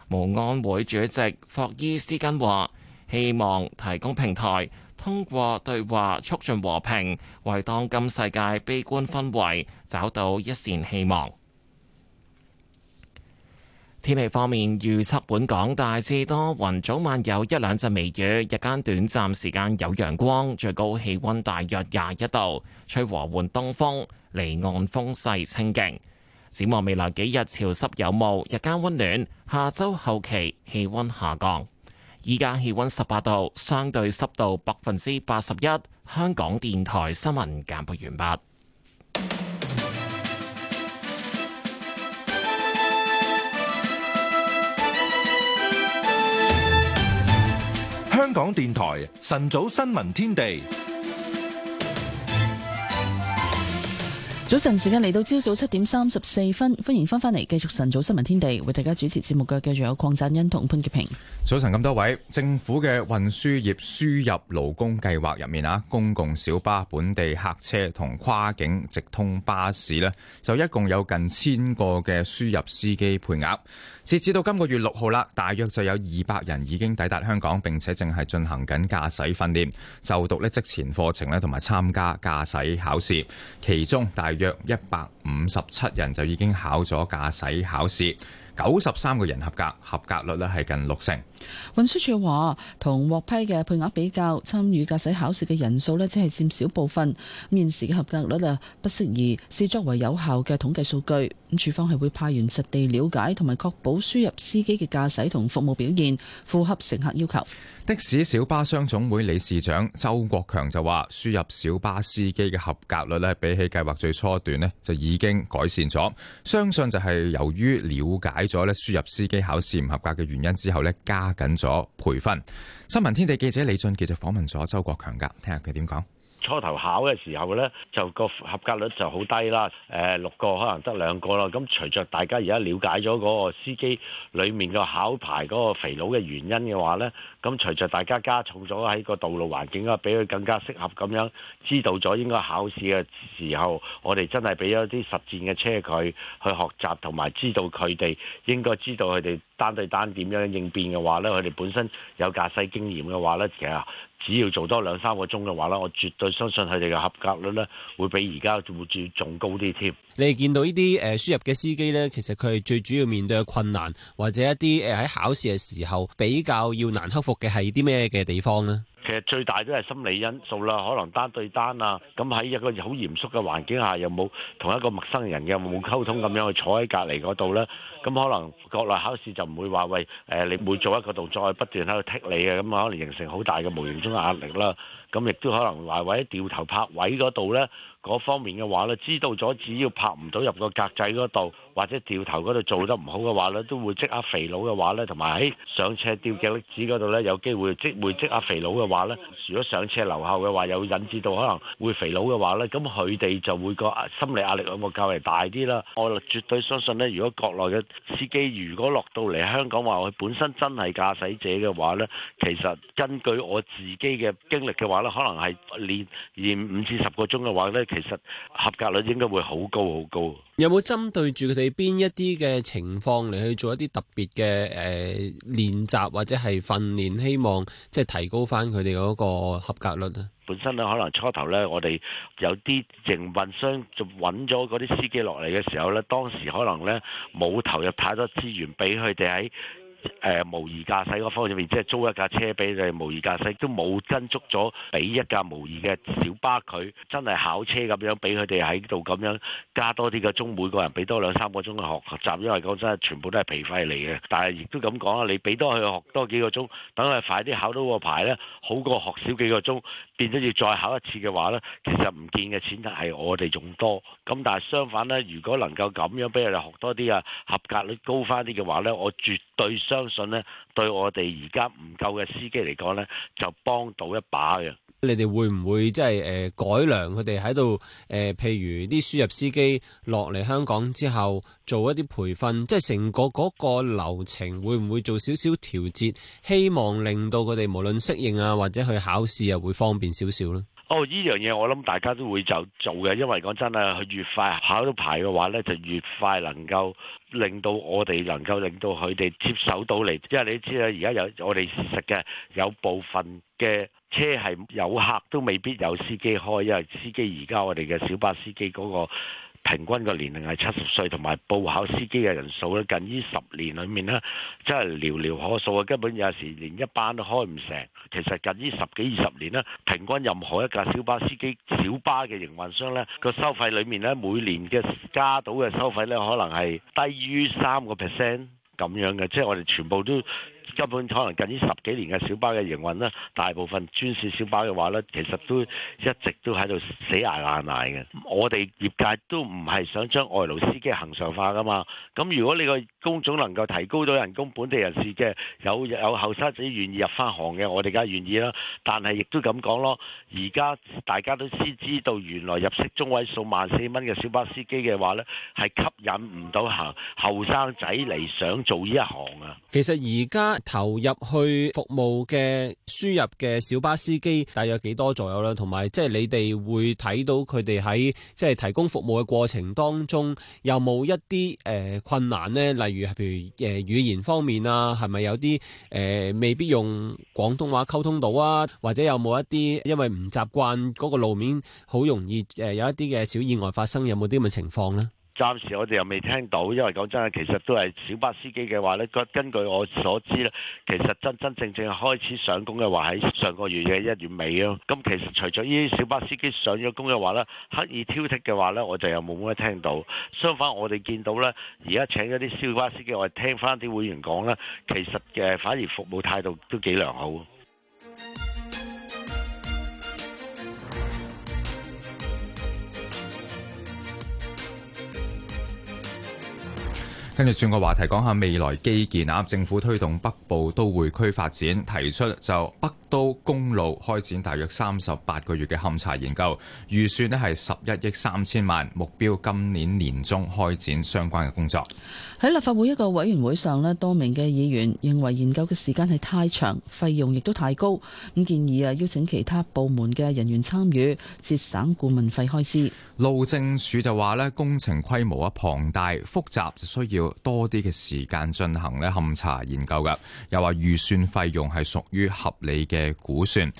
慕安會主席霍伊斯根話，希望提供平台，通過對話促進和平，為當今世界悲觀氛圍找到一線希望。天氣方面，預測本港大致多雲，早晚有一兩陣微雨，日間短暫時間有陽光，最高氣温大約廿一度，吹和緩東風，離岸風勢清勁。展望未來幾日潮濕有霧，日間温暖，下周後期氣温下降。依家氣温十八度，相對濕度百分之八十一。香港電台新聞簡報完畢。香港電台晨早新聞天地，早晨時間嚟到朝早七點三十四分，歡迎翻返嚟，繼續晨早新聞天地，為大家主持節目嘅繼續有鄺贊恩同潘潔平。早晨咁多位，政府嘅運輸業輸入勞工計劃入面啊，公共小巴、本地客車同跨境直通巴士呢，就一共有近千個嘅輸入司機配額。截至到今個月六號啦，大約就有二百人已經抵達香港，並且正係進行緊駕駛訓練、就讀咧職前課程咧，同埋參加駕駛考試。其中大約一百五十七人就已經考咗駕駛考試，九十三個人合格，合格率咧係近六成。運輸署話，同獲批嘅配額比較，參與駕駛考試嘅人數呢，只係佔少部分，咁現時嘅合格率啊不適宜視作為有效嘅統計數據。咁署方係會派員實地了解同埋確保輸入司機嘅駕駛同服務表現符合乘客要求。的士小巴商總會理事長周國強就話，輸入小巴司機嘅合格率呢，比起計劃最初段呢，就已經改善咗，相信就係由於了解咗呢輸入司機考試唔合格嘅原因之後呢。加。緊咗培訓，新聞天地記者李俊傑就訪問咗周國強噶，聽下佢點講。初頭考嘅時候呢，就個合格率就好低啦，誒六個可能得兩個啦。咁隨着大家而家了解咗嗰個司機裏面個考牌嗰個肥佬嘅原因嘅話呢。」咁隨着大家加重咗喺個道路環境啊，俾佢更加適合咁樣知道咗應該考試嘅時候，我哋真係俾咗啲實戰嘅車佢去學習，同埋知道佢哋應該知道佢哋單對單點樣應變嘅話呢，佢哋本身有駕駛經驗嘅話呢，其實只要做多兩三個鐘嘅話呢，我絕對相信佢哋嘅合格率呢會比而家會仲高啲添。你哋見到呢啲誒輸入嘅司機咧，其實佢係最主要面對嘅困難，或者一啲誒喺考試嘅時候比較要難克服嘅係啲咩嘅地方咧？其實最大都係心理因素啦，可能單對單啊，咁喺一個好嚴肅嘅環境下，又冇同一個陌生人嘅冇溝通咁樣去坐喺隔離嗰度咧，咁可能國內考試就唔會話喂誒，你每做一個動作係不斷喺度踢你嘅，咁啊可能形成好大嘅無形中嘅壓力啦。咁亦都可能滑位、掉頭泊位嗰度咧，嗰方面嘅話咧，知道咗只要泊唔到入個格仔嗰度，或者掉頭嗰度做得唔好嘅話咧，都會即刻肥佬嘅話咧，同埋喺上車吊鏡碌子嗰度咧，有機會即會即刻肥佬嘅話咧，如果上車留後嘅話，又會引致到可能會肥佬嘅話咧，咁佢哋就會個心理壓力有冇較為大啲啦？我絕對相信咧，如果國內嘅司機如果落到嚟香港話，佢本身真係駕駛者嘅話咧，其實根據我自己嘅經歷嘅話。可能係練練五至十個鐘嘅話呢，其實合格率應該會好高好高。有冇針對住佢哋邊一啲嘅情況嚟去做一啲特別嘅誒練習或者係訓練，希望即係提高翻佢哋嗰個合格率呢？本身咧，可能初頭呢，我哋有啲營運商就揾咗嗰啲司機落嚟嘅時候呢，當時可能呢，冇投入太多資源俾佢哋喺。誒、呃、模擬駕駛嗰方面，即係租一架車俾你模擬駕駛，都冇增足咗俾一架模擬嘅小巴佢真係考車咁樣，俾佢哋喺度咁樣加多啲個鐘，每個人俾多兩三個鐘去學習，因為講真係全部都係皮費嚟嘅。但係亦都咁講啦，你俾多佢學多幾個鐘，等佢快啲考到個牌呢，好過學少幾個鐘。變咗要再考一次嘅話呢，其實唔見嘅錢係我哋用多。咁但係相反呢，如果能夠咁樣俾佢哋學多啲啊，合格率高返啲嘅話呢，我絕對相信呢對我哋而家唔夠嘅司機嚟講呢就幫到一把嘅。你哋會唔會即係誒，改良佢哋喺度誒，譬如啲輸入司機落嚟香港之後做一啲培訓，即係成個嗰個流程會唔會做少少調節，希望令到佢哋無論適應啊或者去考試啊會方便少少咧？哦，呢樣嘢我諗大家都會就做嘅，因為講真啊，佢越快考到牌嘅話咧，就越快能夠令到我哋能夠令到佢哋接手到嚟，因為你知啦，而家有我哋實嘅有部分嘅，車係有客都未必有司機開，因為司機而家我哋嘅小巴司機嗰個平均個年齡係七十歲，同埋報考司機嘅人數咧，近呢十年裏面呢，真係寥寥可數啊！根本有時連一班都開唔成。其實近呢十幾二十年呢，平均任何一架小巴司機、小巴嘅營運商呢，個收費裏面呢，每年嘅加到嘅收費呢，可能係低於三個 percent 咁樣嘅，即係我哋全部都。根本可能近呢十幾年嘅小巴嘅營運咧，大部分專線小巴嘅話呢，其實都一直都喺度死捱硬捱嘅。我哋業界都唔係想將外勞司機恆常化噶嘛。咁如果你個工種能夠提高到人工，本地人士嘅有有後生仔願意入翻行嘅，我哋梗係願意啦。但係亦都咁講咯，而家大家都先知道原來入息中位數萬四蚊嘅小巴司機嘅話呢，係吸引唔到行後生仔嚟想做呢一行啊。其實而家。投入去服務嘅輸入嘅小巴司機大約幾多左右啦，同埋即係你哋會睇到佢哋喺即係提供服務嘅過程當中，有冇一啲誒困難咧？例如譬如誒語言方面啊，係咪有啲誒未必用廣東話溝通到啊？或者有冇一啲因為唔習慣嗰個路面，好容易誒有一啲嘅小意外發生，有冇啲咁嘅情況咧？暫時我哋又未聽到，因為講真啊，其實都係小巴司機嘅話咧。根據我所知咧，其實真真正正開始上工嘅話喺上個月嘅一月尾咯。咁其實除咗依啲小巴司機上咗工嘅話咧，刻意挑剔嘅話咧，我就又冇乜聽到。相反我，我哋見到咧，而家請咗啲小巴司機，我哋聽翻啲會員講咧，其實嘅反而服務態度都幾良好。跟住轉個話題，講下未來基建啊！政府推動北部都會區發展，提出就北都公路開展大約三十八個月嘅勘查研究，預算咧係十一億三千萬，目標今年年中開展相關嘅工作。喺立法會一個委員會上咧，多名嘅議員認為研究嘅時間係太長，費用亦都太高，咁建議啊邀請其他部門嘅人員參與，節省顧問費開支。路政署就話咧，工程規模啊龐大複雜，就需要。多啲嘅時間進行呢勘查研究㗎，又話預算費用係屬於合理嘅估算。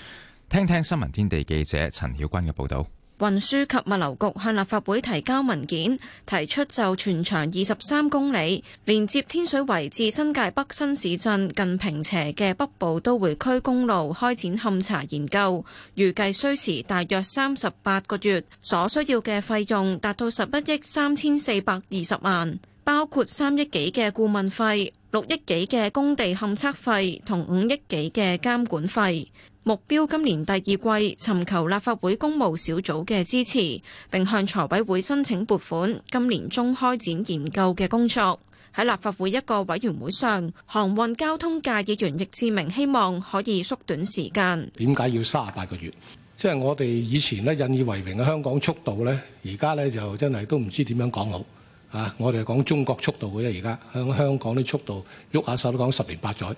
聽聽新聞天地記者陳曉君嘅報道。運輸及物流局向立法會提交文件，提出就全長二十三公里，連接天水圍至新界北新市鎮近坪輋嘅北部都會區公路開展勘查研究，預計需時大約三十八個月，所需要嘅費用達到十一億三千四百二十萬。包括三億幾嘅顧問費、六億幾嘅工地勘測費同五億幾嘅監管費，目標今年第二季尋求立法會公務小組嘅支持，並向財委會申請撥款，今年中開展研究嘅工作。喺立法會一個委員會上，航運交通界議員易志明希望可以縮短時間。點解要三十八個月？即係我哋以前呢引以為榮嘅香港速度呢，而家呢就真係都唔知點樣講好。啊！我哋講中國速度嘅啫，而家向香港啲速度喐下手都講十年八載。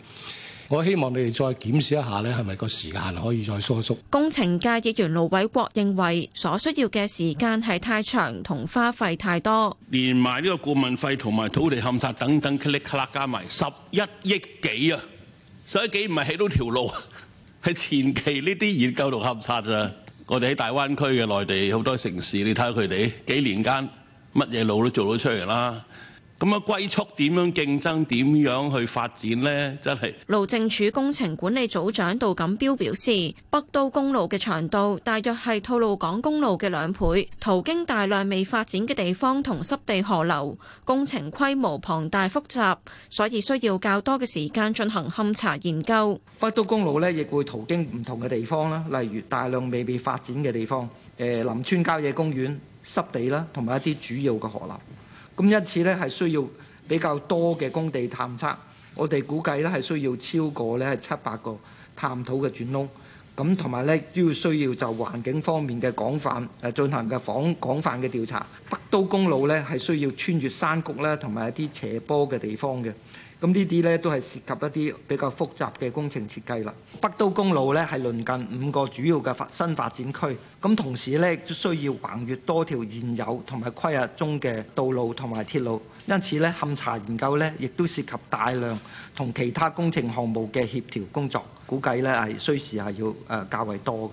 我希望你哋再檢視一下咧，係咪個時間可以再縮縮？工程界議員盧偉國認為，所需要嘅時間係太長同花費太多。連埋呢個顧問費同埋土地勘測等等，klakla 加埋十一億幾啊！十一億幾唔係起到條路，係 前期呢啲研究同勘測啊！我哋喺大灣區嘅內地好多城市，你睇下佢哋幾年間。乜嘢路都做到出嚟啦！咁啊，龜速點樣競爭？點樣去發展咧？真係。路政署工程管理組長杜錦彪表示，北都公路嘅長度大約係吐露港公路嘅兩倍，途經大量未發展嘅地方同濕地河流，工程規模龐大複雜，所以需要較多嘅時間進行勘查研究。北都公路咧，亦會途經唔同嘅地方啦，例如大量未被發展嘅地方，誒、呃、林村郊野公園。濕地啦，同埋一啲主要嘅河流，咁因此咧係需要比較多嘅工地探測，我哋估計咧係需要超過咧係七八個探討嘅鑽窿，咁同埋咧都要需要就環境方面嘅廣泛誒進行嘅廣廣泛嘅調查。北都公路咧係需要穿越山谷啦，同埋一啲斜坡嘅地方嘅。咁呢啲呢都係涉及一啲比較複雜嘅工程設計啦。北都公路呢係鄰近五個主要嘅發新發展區，咁同時呢需要橫越多條現有同埋規劃中嘅道路同埋鐵路，因此呢，勘查研究呢亦都涉及大量同其他工程項目嘅協調工作，估計呢係需時係要誒較為多。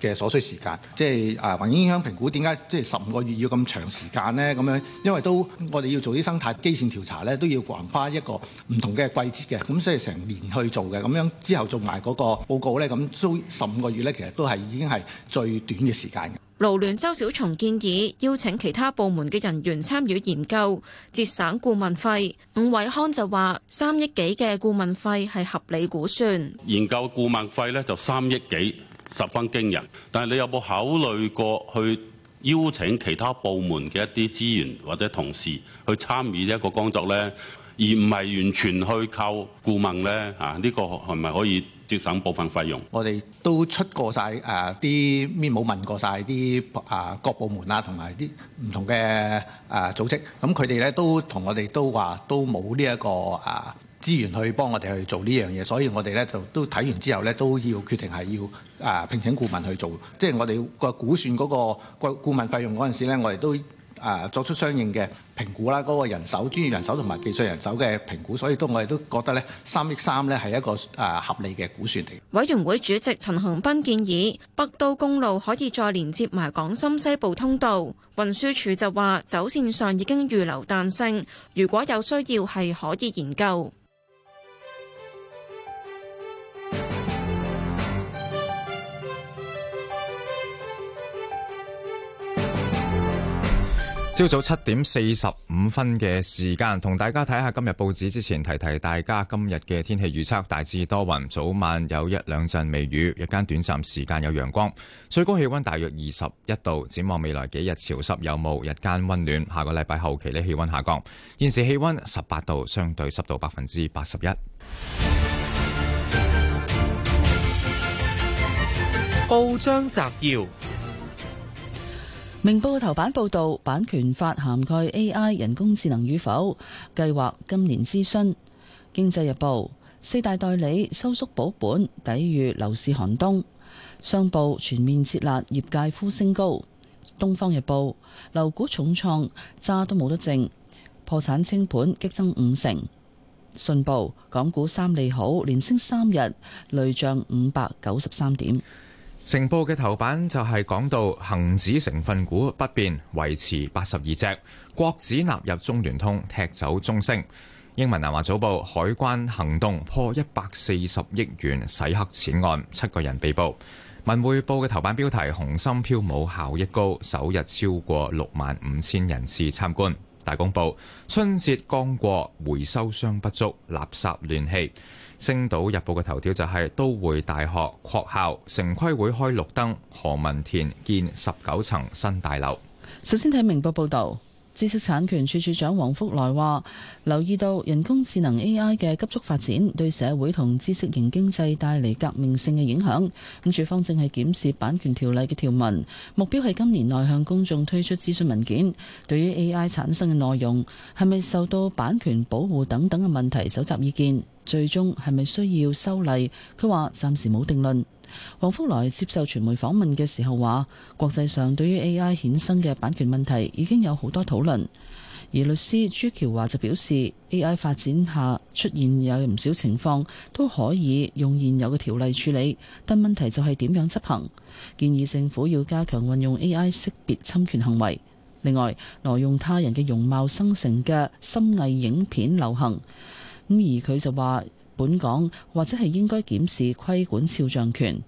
嘅所需時間，即係啊，環境影響評估點解即係十五個月要咁長時間呢？咁樣，因為都我哋要做啲生態基線調查咧，都要橫跨一個唔同嘅季節嘅，咁所以成年去做嘅，咁樣之後做埋嗰個報告咧，咁都十五個月咧，其實都係已經係最短嘅時間嘅。勞聯周小松建議邀請其他部門嘅人員參與研究，節省顧問費。伍偉康就話三億幾嘅顧問費係合理估算。研究顧問費咧就三億幾。 十分驚人，但係你有冇考慮過去邀請其他部門嘅一啲資源或者同事去參與呢一個工作咧？而唔係完全去靠顧問咧嚇，呢、啊這個係咪可以節省部分費用？ 我哋都出過晒誒啲，冇、呃、問過晒啲啊各部門啊同埋啲唔同嘅誒組織，咁佢哋咧都同我哋都話都冇呢一個啊。資源去幫我哋去做呢樣嘢，所以我哋咧就都睇完之後咧都要決定係要啊聘請顧問去做，即係我哋個估算嗰個顧顧問費用嗰陣時咧，我哋都啊作出相應嘅評估啦。嗰、那個人手專業人手同埋技術人手嘅評估，所以都我哋都覺得咧三億三咧係一個啊合理嘅估算嚟。委員會主席陳恆斌建議北都公路可以再連接埋港深西部通道，運輸署就話走線上已經預留彈性，如果有需要係可以研究。朝早七點四十五分嘅時間，同大家睇下今日報紙之前，提提大家今日嘅天氣預測，大致多雲，早晚有一兩陣微雨，日間短暫時間有陽光，最高氣溫大約二十一度。展望未來幾日潮濕有霧，日間溫暖。下個禮拜後期呢，氣溫下降，現時氣溫十八度，相對濕度百分之八十一。報章摘要：明報頭版報道，版權法涵蓋 AI 人工智能與否，計劃今年諮詢。經濟日報四大代理收縮保本，抵禦樓市寒冬。商報全面撤辣，業界呼聲高。東方日報樓股重創，揸都冇得剩，破產清盤激增五成。信報港股三利好，連升三日，累漲五百九十三點。成報嘅頭版就係講到恒指成分股不變，維持八十二隻；國指納入中聯通，踢走中星。英文南華早報，海關行動破一百四十億元洗黑錢案，七個人被捕。文匯報嘅頭版標題：紅心飄舞效益高，首日超過六萬五千人次參觀。大公報：春節剛過，回收商不足，垃圾亂棄。星島日報嘅頭條就係都會大學擴校，城規會開綠燈，何文田建十九層新大樓。首先睇明報報道。知識產權處處長黃福來話：留意到人工智能 A.I. 嘅急速發展，對社會同知識型經濟帶嚟革命性嘅影響。咁，署方正係檢視版權條例嘅條文，目標係今年內向公眾推出諮詢文件。對於 A.I. 產生嘅內容係咪受到版權保護等等嘅問題，搜集意見，最終係咪需要修例？佢話暫時冇定論。王福來接受傳媒訪問嘅時候話，國際上對於 A.I. 衍生嘅版權問題已經有好多討論。而律師朱橋華就表示，A.I. 發展下出現有唔少情況都可以用現有嘅條例處理，但問題就係點樣執行。建議政府要加強運用 A.I. 識別侵權行為。另外，挪用他人嘅容貌生成嘅深偽影片流行，咁而佢就話。本港或者係應該檢視規管肖像權。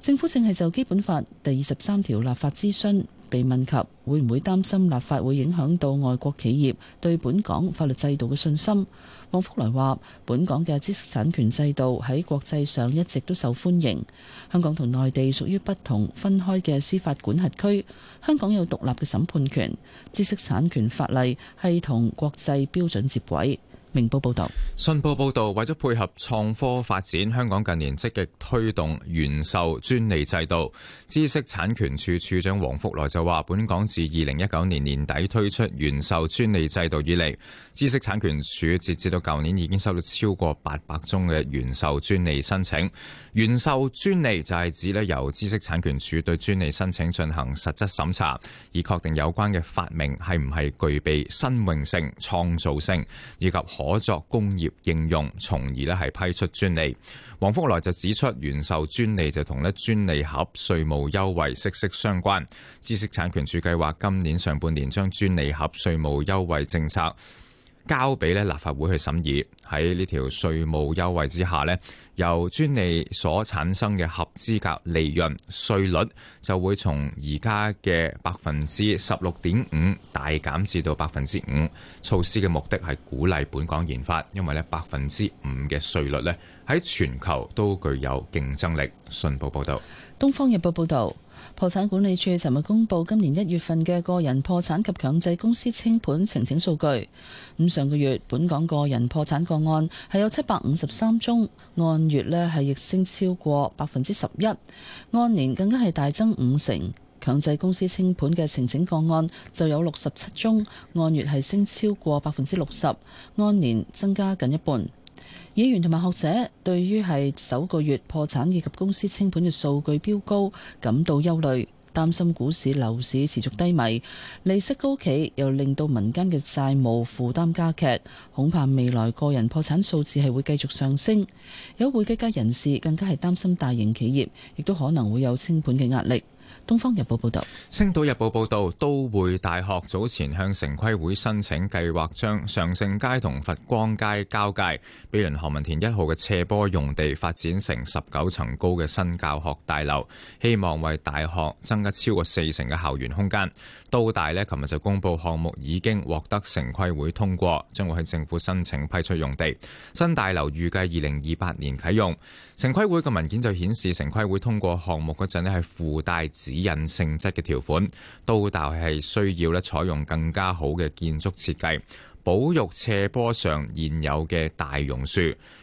政府正係就《基本法》第二十三條立法諮詢，被問及會唔會擔心立法會影響到外國企業對本港法律制度嘅信心。王福來話本港嘅知識產權制度喺國際上一直都受歡迎。香港同內地屬於不同分開嘅司法管轄區，香港有獨立嘅審判權，知識產權法例係同國際標準接軌。明報報道，信報報道，為咗配合創科發展，香港近年積極推動原授專利制度。知識產權署署長黃福來就話，本港自二零一九年年底推出原授專利制度以嚟，知識產權署截至到舊年已經收到超過八百宗嘅原授專利申請。原授專利就係指咧，由知識產權署對專利申請進行實質審查，以確定有關嘅發明係唔係具備新穎性、創造性以及可作工業應用，從而咧係批出專利。黃福來就指出，原授專利就同呢專利盒稅務優惠息息相關。知識產權署計劃今年上半年將專利盒稅務優惠政策，交俾咧立法會去審議。喺呢條稅務優惠之下咧，由專利所產生嘅合資格利潤稅率就會從而家嘅百分之十六點五大減至到百分之五。措施嘅目的係鼓勵本港研發，因為呢百分之五嘅稅率咧喺全球都具有競爭力。信報報道，東方日報報道。破產管理處尋日公布今年一月份嘅個人破產及強制公司清盤呈請數據。咁上個月，本港個人破產個案係有七百五十三宗，按月呢係逆升超過百分之十一，按年更加係大增五成。強制公司清盤嘅呈請個案就有六十七宗，按月係升超過百分之六十，按年增加近一半。議員同埋學者對於係首個月破產以及公司清盤嘅數據飆高感到憂慮，擔心股市樓市持續低迷，利息高企又令到民間嘅債務負擔加劇，恐怕未來個人破產數字係會繼續上升。有會計界人士更加係擔心大型企業亦都可能會有清盤嘅壓力。《東方日報》報道，《星島日報》報導，都會大學早前向城規會申請，計劃將常盛街同佛光街交界，毗鄰何文田一號嘅斜坡用地發展成十九層高嘅新教學大樓，希望為大學增加超過四成嘅校園空間。都大呢，琴日就公布項目已經獲得城規會通過，將會向政府申請批出用地。新大樓預計二零二八年啟用。城規會嘅文件就顯示，城規會通過項目嗰陣呢，係附帶指引性質嘅條款。都大係需要咧採用更加好嘅建築設計，保育斜坡上現有嘅大榕樹。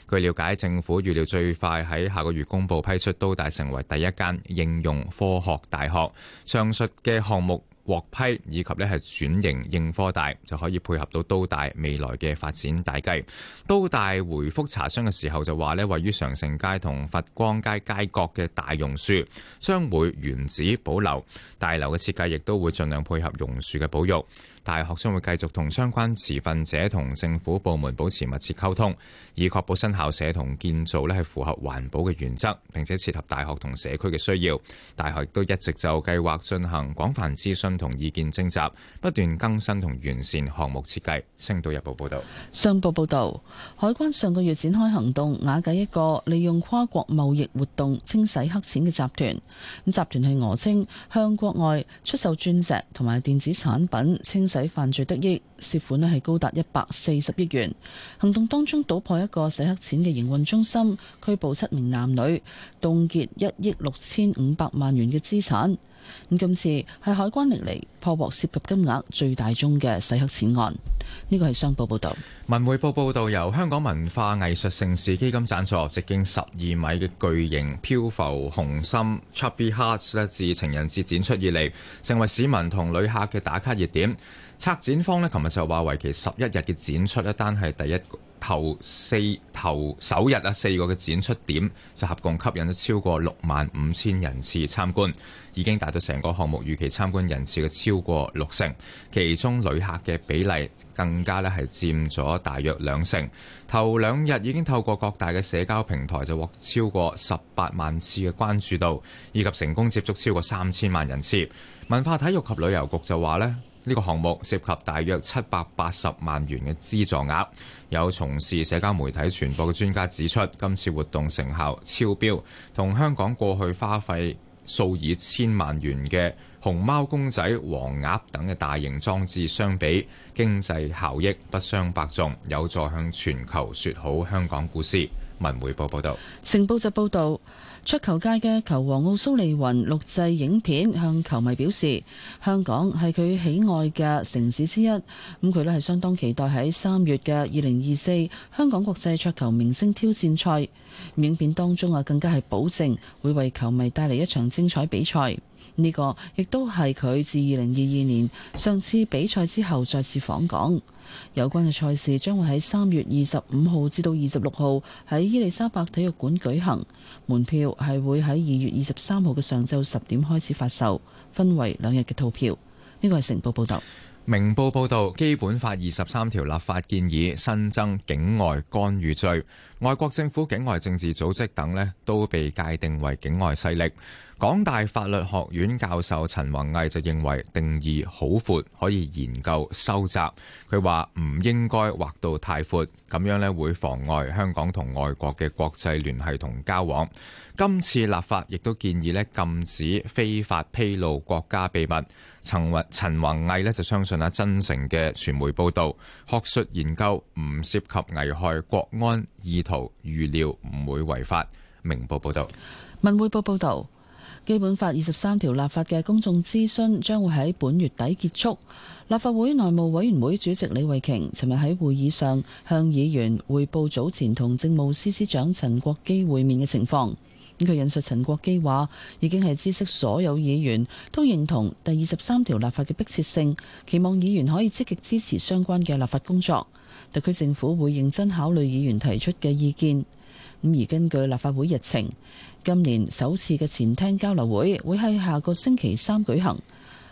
據了解，政府預料最快喺下個月公布批出，都大成為第一間應用科學大學。上述嘅項目。獲批以及咧係轉型應科大，就可以配合到都大未來嘅發展大計。都大回覆查詢嘅時候就話咧，位於常盛街同佛光街街角嘅大榕樹將會原址保留，大樓嘅設計亦都會盡量配合榕樹嘅保育。大學將會繼續同相關持份者同政府部門保持密切溝通，以確保新校舍同建造咧係符合環保嘅原則，並且切合大學同社區嘅需要。大學亦都一直就計劃進行廣泛諮詢同意見徵集，不斷更新同完善項目設計。星島日報報道：「商報報道，海關上個月展開行動，瓦解一個利用跨國貿易活動清洗黑錢嘅集團。咁集團係訛稱向國外出售鑽石同埋電子產品清洗。使犯罪得益，涉款呢，係高達一百四十億元。行動當中搗破一個洗黑錢嘅營運中心，拘捕七名男女，凍結一億六千五百萬元嘅資產。咁今次係海關歷嚟破獲涉及金額最大宗嘅洗黑錢案。呢個係商報報道。文匯報報道，由香港文化藝術盛事基金贊助，直徑十二米嘅巨型漂浮紅心 Chubby Hearts，自情人節展出以嚟，成為市民同旅客嘅打卡熱點。策展方呢，琴日就話，為期十一日嘅展出一單，係第一頭四頭首日啊，四個嘅展出點，就合共吸引咗超過六萬五千人次參觀，已經達到成個項目預期參觀人次嘅超過六成。其中旅客嘅比例更加呢，係佔咗大約兩成。頭兩日已經透過各大嘅社交平台就獲超過十八萬次嘅關注度，以及成功接觸超過三千萬人次。文化體育及旅遊局就話，呢。呢個項目涉及大約七百八十萬元嘅資助額。有從事社交媒體傳播嘅專家指出，今次活動成效超標，同香港過去花費數以千萬元嘅熊貓公仔、黃鴨等嘅大型裝置相比，經濟效益不相伯仲，有助向全球説好香港故事。文匯報報道，晨報就報道。桌球界嘅球王奧蘇利雲錄製影片向球迷表示，香港係佢喜愛嘅城市之一。咁佢咧係相當期待喺三月嘅二零二四香港國際桌球明星挑戰賽。影片當中啊，更加係保證會為球迷帶嚟一場精彩比賽。呢個亦都係佢自二零二二年上次比賽之後再次訪港。有關嘅賽事將會喺三月二十五號至到二十六號喺伊利沙伯體育館舉行，門票係會喺二月二十三號嘅上晝十點開始發售，分為兩日嘅套票。呢個係成報報道，明報報道《基本法》二十三條立法建議新增境外干預罪，外國政府、境外政治組織等呢都被界定為境外勢力。港大法律學院教授陳宏毅就認為定義好闊，可以研究收窄。佢話唔應該劃到太闊，咁樣咧會妨礙香港同外國嘅國際聯繫同交往。今次立法亦都建議咧禁止非法披露國家秘密。陳宏陳宏毅咧就相信啊，真誠嘅傳媒報道、學術研究唔涉及危害國安意圖，預料唔會違法。明報報道，文匯報報道。基本法二十三條立法嘅公眾諮詢將會喺本月底結束。立法會內務委員會主席李慧瓊尋日喺會議上向議員匯報早前同政務司司長陳國基會面嘅情況。咁佢引述陳國基話：已經係知悉所有議員都認同第二十三條立法嘅迫切性，期望議員可以積極支持相關嘅立法工作。特區政府會認真考慮議員提出嘅意見。咁而根據立法會日程，今年首次嘅前廳交流會會喺下個星期三舉行，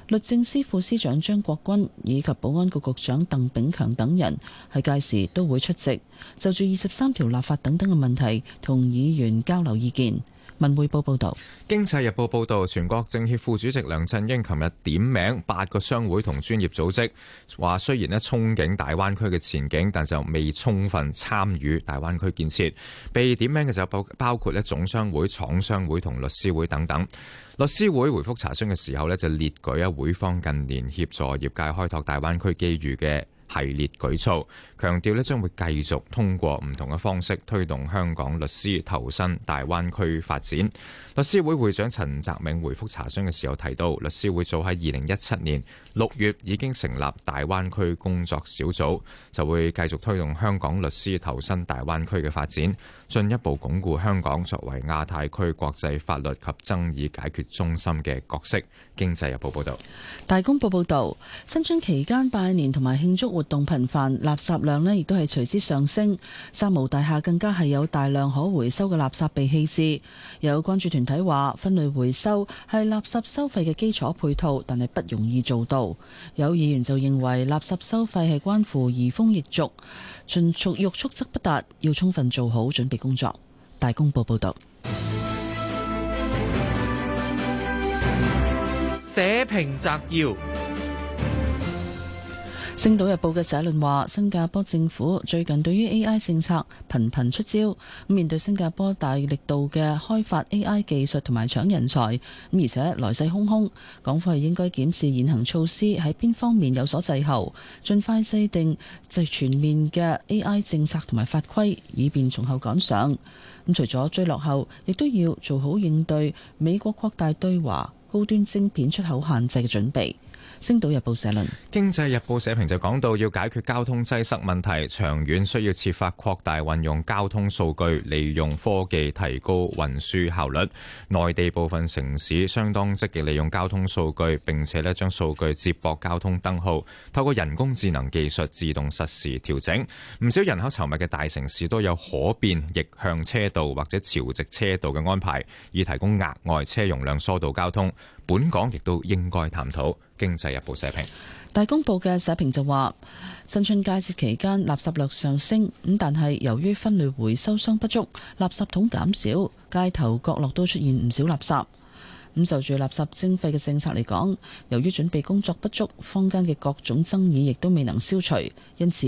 律政司副司長張國鈞以及保安局局長鄧炳強等人喺屆時都會出席，就住二十三條立法等等嘅問題同議員交流意見。文匯報報道，經濟日報報道，全國政協副主席梁振英琴日點名八個商會同專業組織，話雖然咧憧憬大灣區嘅前景，但就未充分參與大灣區建設。被點名嘅就包包括咧總商會、廠商會同律師會等等。律師會回覆查詢嘅時候咧，就列舉一會方近年協助業界開拓大灣區機遇嘅系列舉措。強調咧將會繼續通過唔同嘅方式推動香港律師投身大灣區發展。律師會會長陳澤銘回覆查詢嘅時候提到，律師會早喺二零一七年六月已經成立大灣區工作小組，就會繼續推動香港律師投身大灣區嘅發展，進一步鞏固香港作為亞太區國際法律及爭議解決中心嘅角色。經濟日報報道，大公報報道，新春期間拜年同埋慶祝活動頻繁，垃圾。量呢亦都係隨之上升，三毛大廈更加係有大量可回收嘅垃圾被棄置。有關注團體話，分類回收係垃圾收費嘅基礎配套，但係不容易做到。有議員就認為，垃圾收費係關乎移風易俗，盡速欲速則不達，要充分做好準備工作。大公報報道，社評摘要。《星島日報》嘅社論話：新加坡政府最近對於 AI 政策頻頻出招，面對新加坡大力度嘅開發 AI 技術同埋搶人才，而且來勢洶洶，港府係應該檢視現行措施喺邊方面有所滯後，盡快制定最全面嘅 AI 政策同埋法規，以便從後趕上。咁除咗追落後，亦都要做好應對美國擴大對華高端晶片出口限制嘅準備。《星島日報》社論。《經濟日報》社評就講到，要解決交通擠塞問題，長遠需要設法擴大運用交通數據，利用科技提高運輸效率。內地部分城市相當積極利用交通數據，並且咧將數據接駁交通燈號，透過人工智能技術自動實時調整。唔少人口稠密嘅大城市都有可變逆向車道或者潮汐車道嘅安排，以提供額外車容量，疏導交通。本港亦都應該探討。經濟日報社評，大公報嘅社評就話：新春佳節期間垃圾量上升，咁但係由於分類回收箱不足，垃圾桶減少，街頭角落都出現唔少垃圾。咁就住垃圾徵費嘅政策嚟講，由於準備工作不足，坊間嘅各種爭議亦都未能消除。因此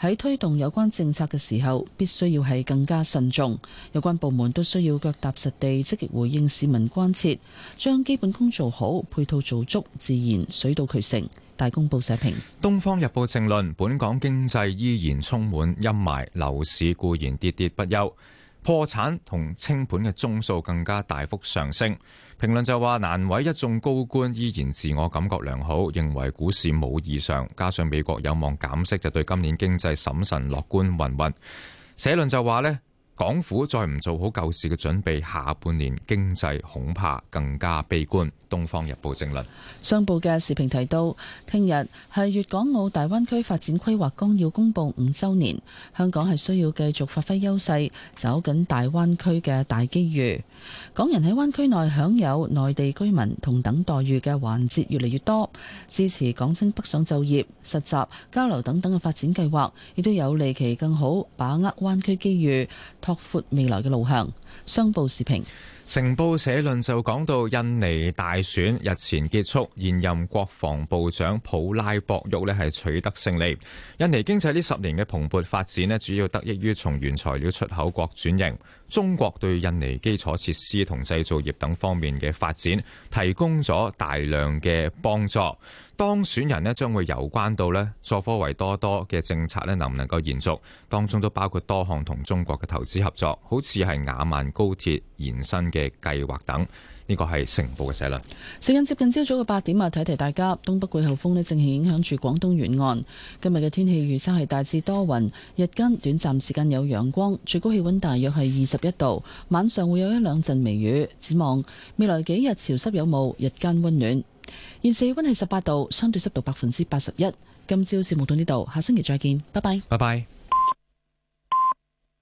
喺推動有關政策嘅時候，必須要係更加慎重。有關部門都需要腳踏實地，積極回應市民關切，將基本功做好，配套做足，自然水到渠成。大公報社評。東方日報政論，本港經濟依然充滿陰霾，樓市固然跌跌不休，破產同清盤嘅宗數更加大幅上升。評論就話，難為一眾高官依然自我感覺良好，認為股市冇異常，加上美國有望減息，就對今年經濟審慎樂觀云云。社論就話呢，港府再唔做好救市嘅準備，下半年經濟恐怕更加悲觀。東方日報正論。商報嘅時評提到，聽日係粵港澳大灣區發展規劃綱要公布五周年，香港係需要繼續發揮優勢，走緊大灣區嘅大機遇。港人喺灣區內享有內地居民同等待遇嘅環節越嚟越多，支持港青北上就業、實習、交流等等嘅發展計劃，亦都有利其更好把握灣區機遇，拓闊未來嘅路向。商報時評。《成報》社論就講到印尼大選日前結束，現任國防部長普拉博沃呢係取得勝利。印尼經濟呢十年嘅蓬勃發展呢，主要得益於從原材料出口國轉型。中國對印尼基礎設施同製造業等方面嘅發展提供咗大量嘅幫助。當選人咧將會有關到咧佐科維多多嘅政策咧能唔能夠延續，當中都包括多項同中國嘅投資合作，好似係雅萬高鐵延伸嘅計劃等。呢個係成報嘅社論。時間接近朝早嘅八點啊，提提大家，東北季候風咧正係影響住廣東沿岸。今日嘅天氣預測係大致多雲，日間短暫時間有陽光，最高氣溫大約係二十一度，晚上會有一兩陣微雨。展望未來幾日潮濕有霧，日間温暖。現時溫係十八度，相對濕度百分之八十一。今朝節目到呢度，下星期再見，拜拜。拜拜。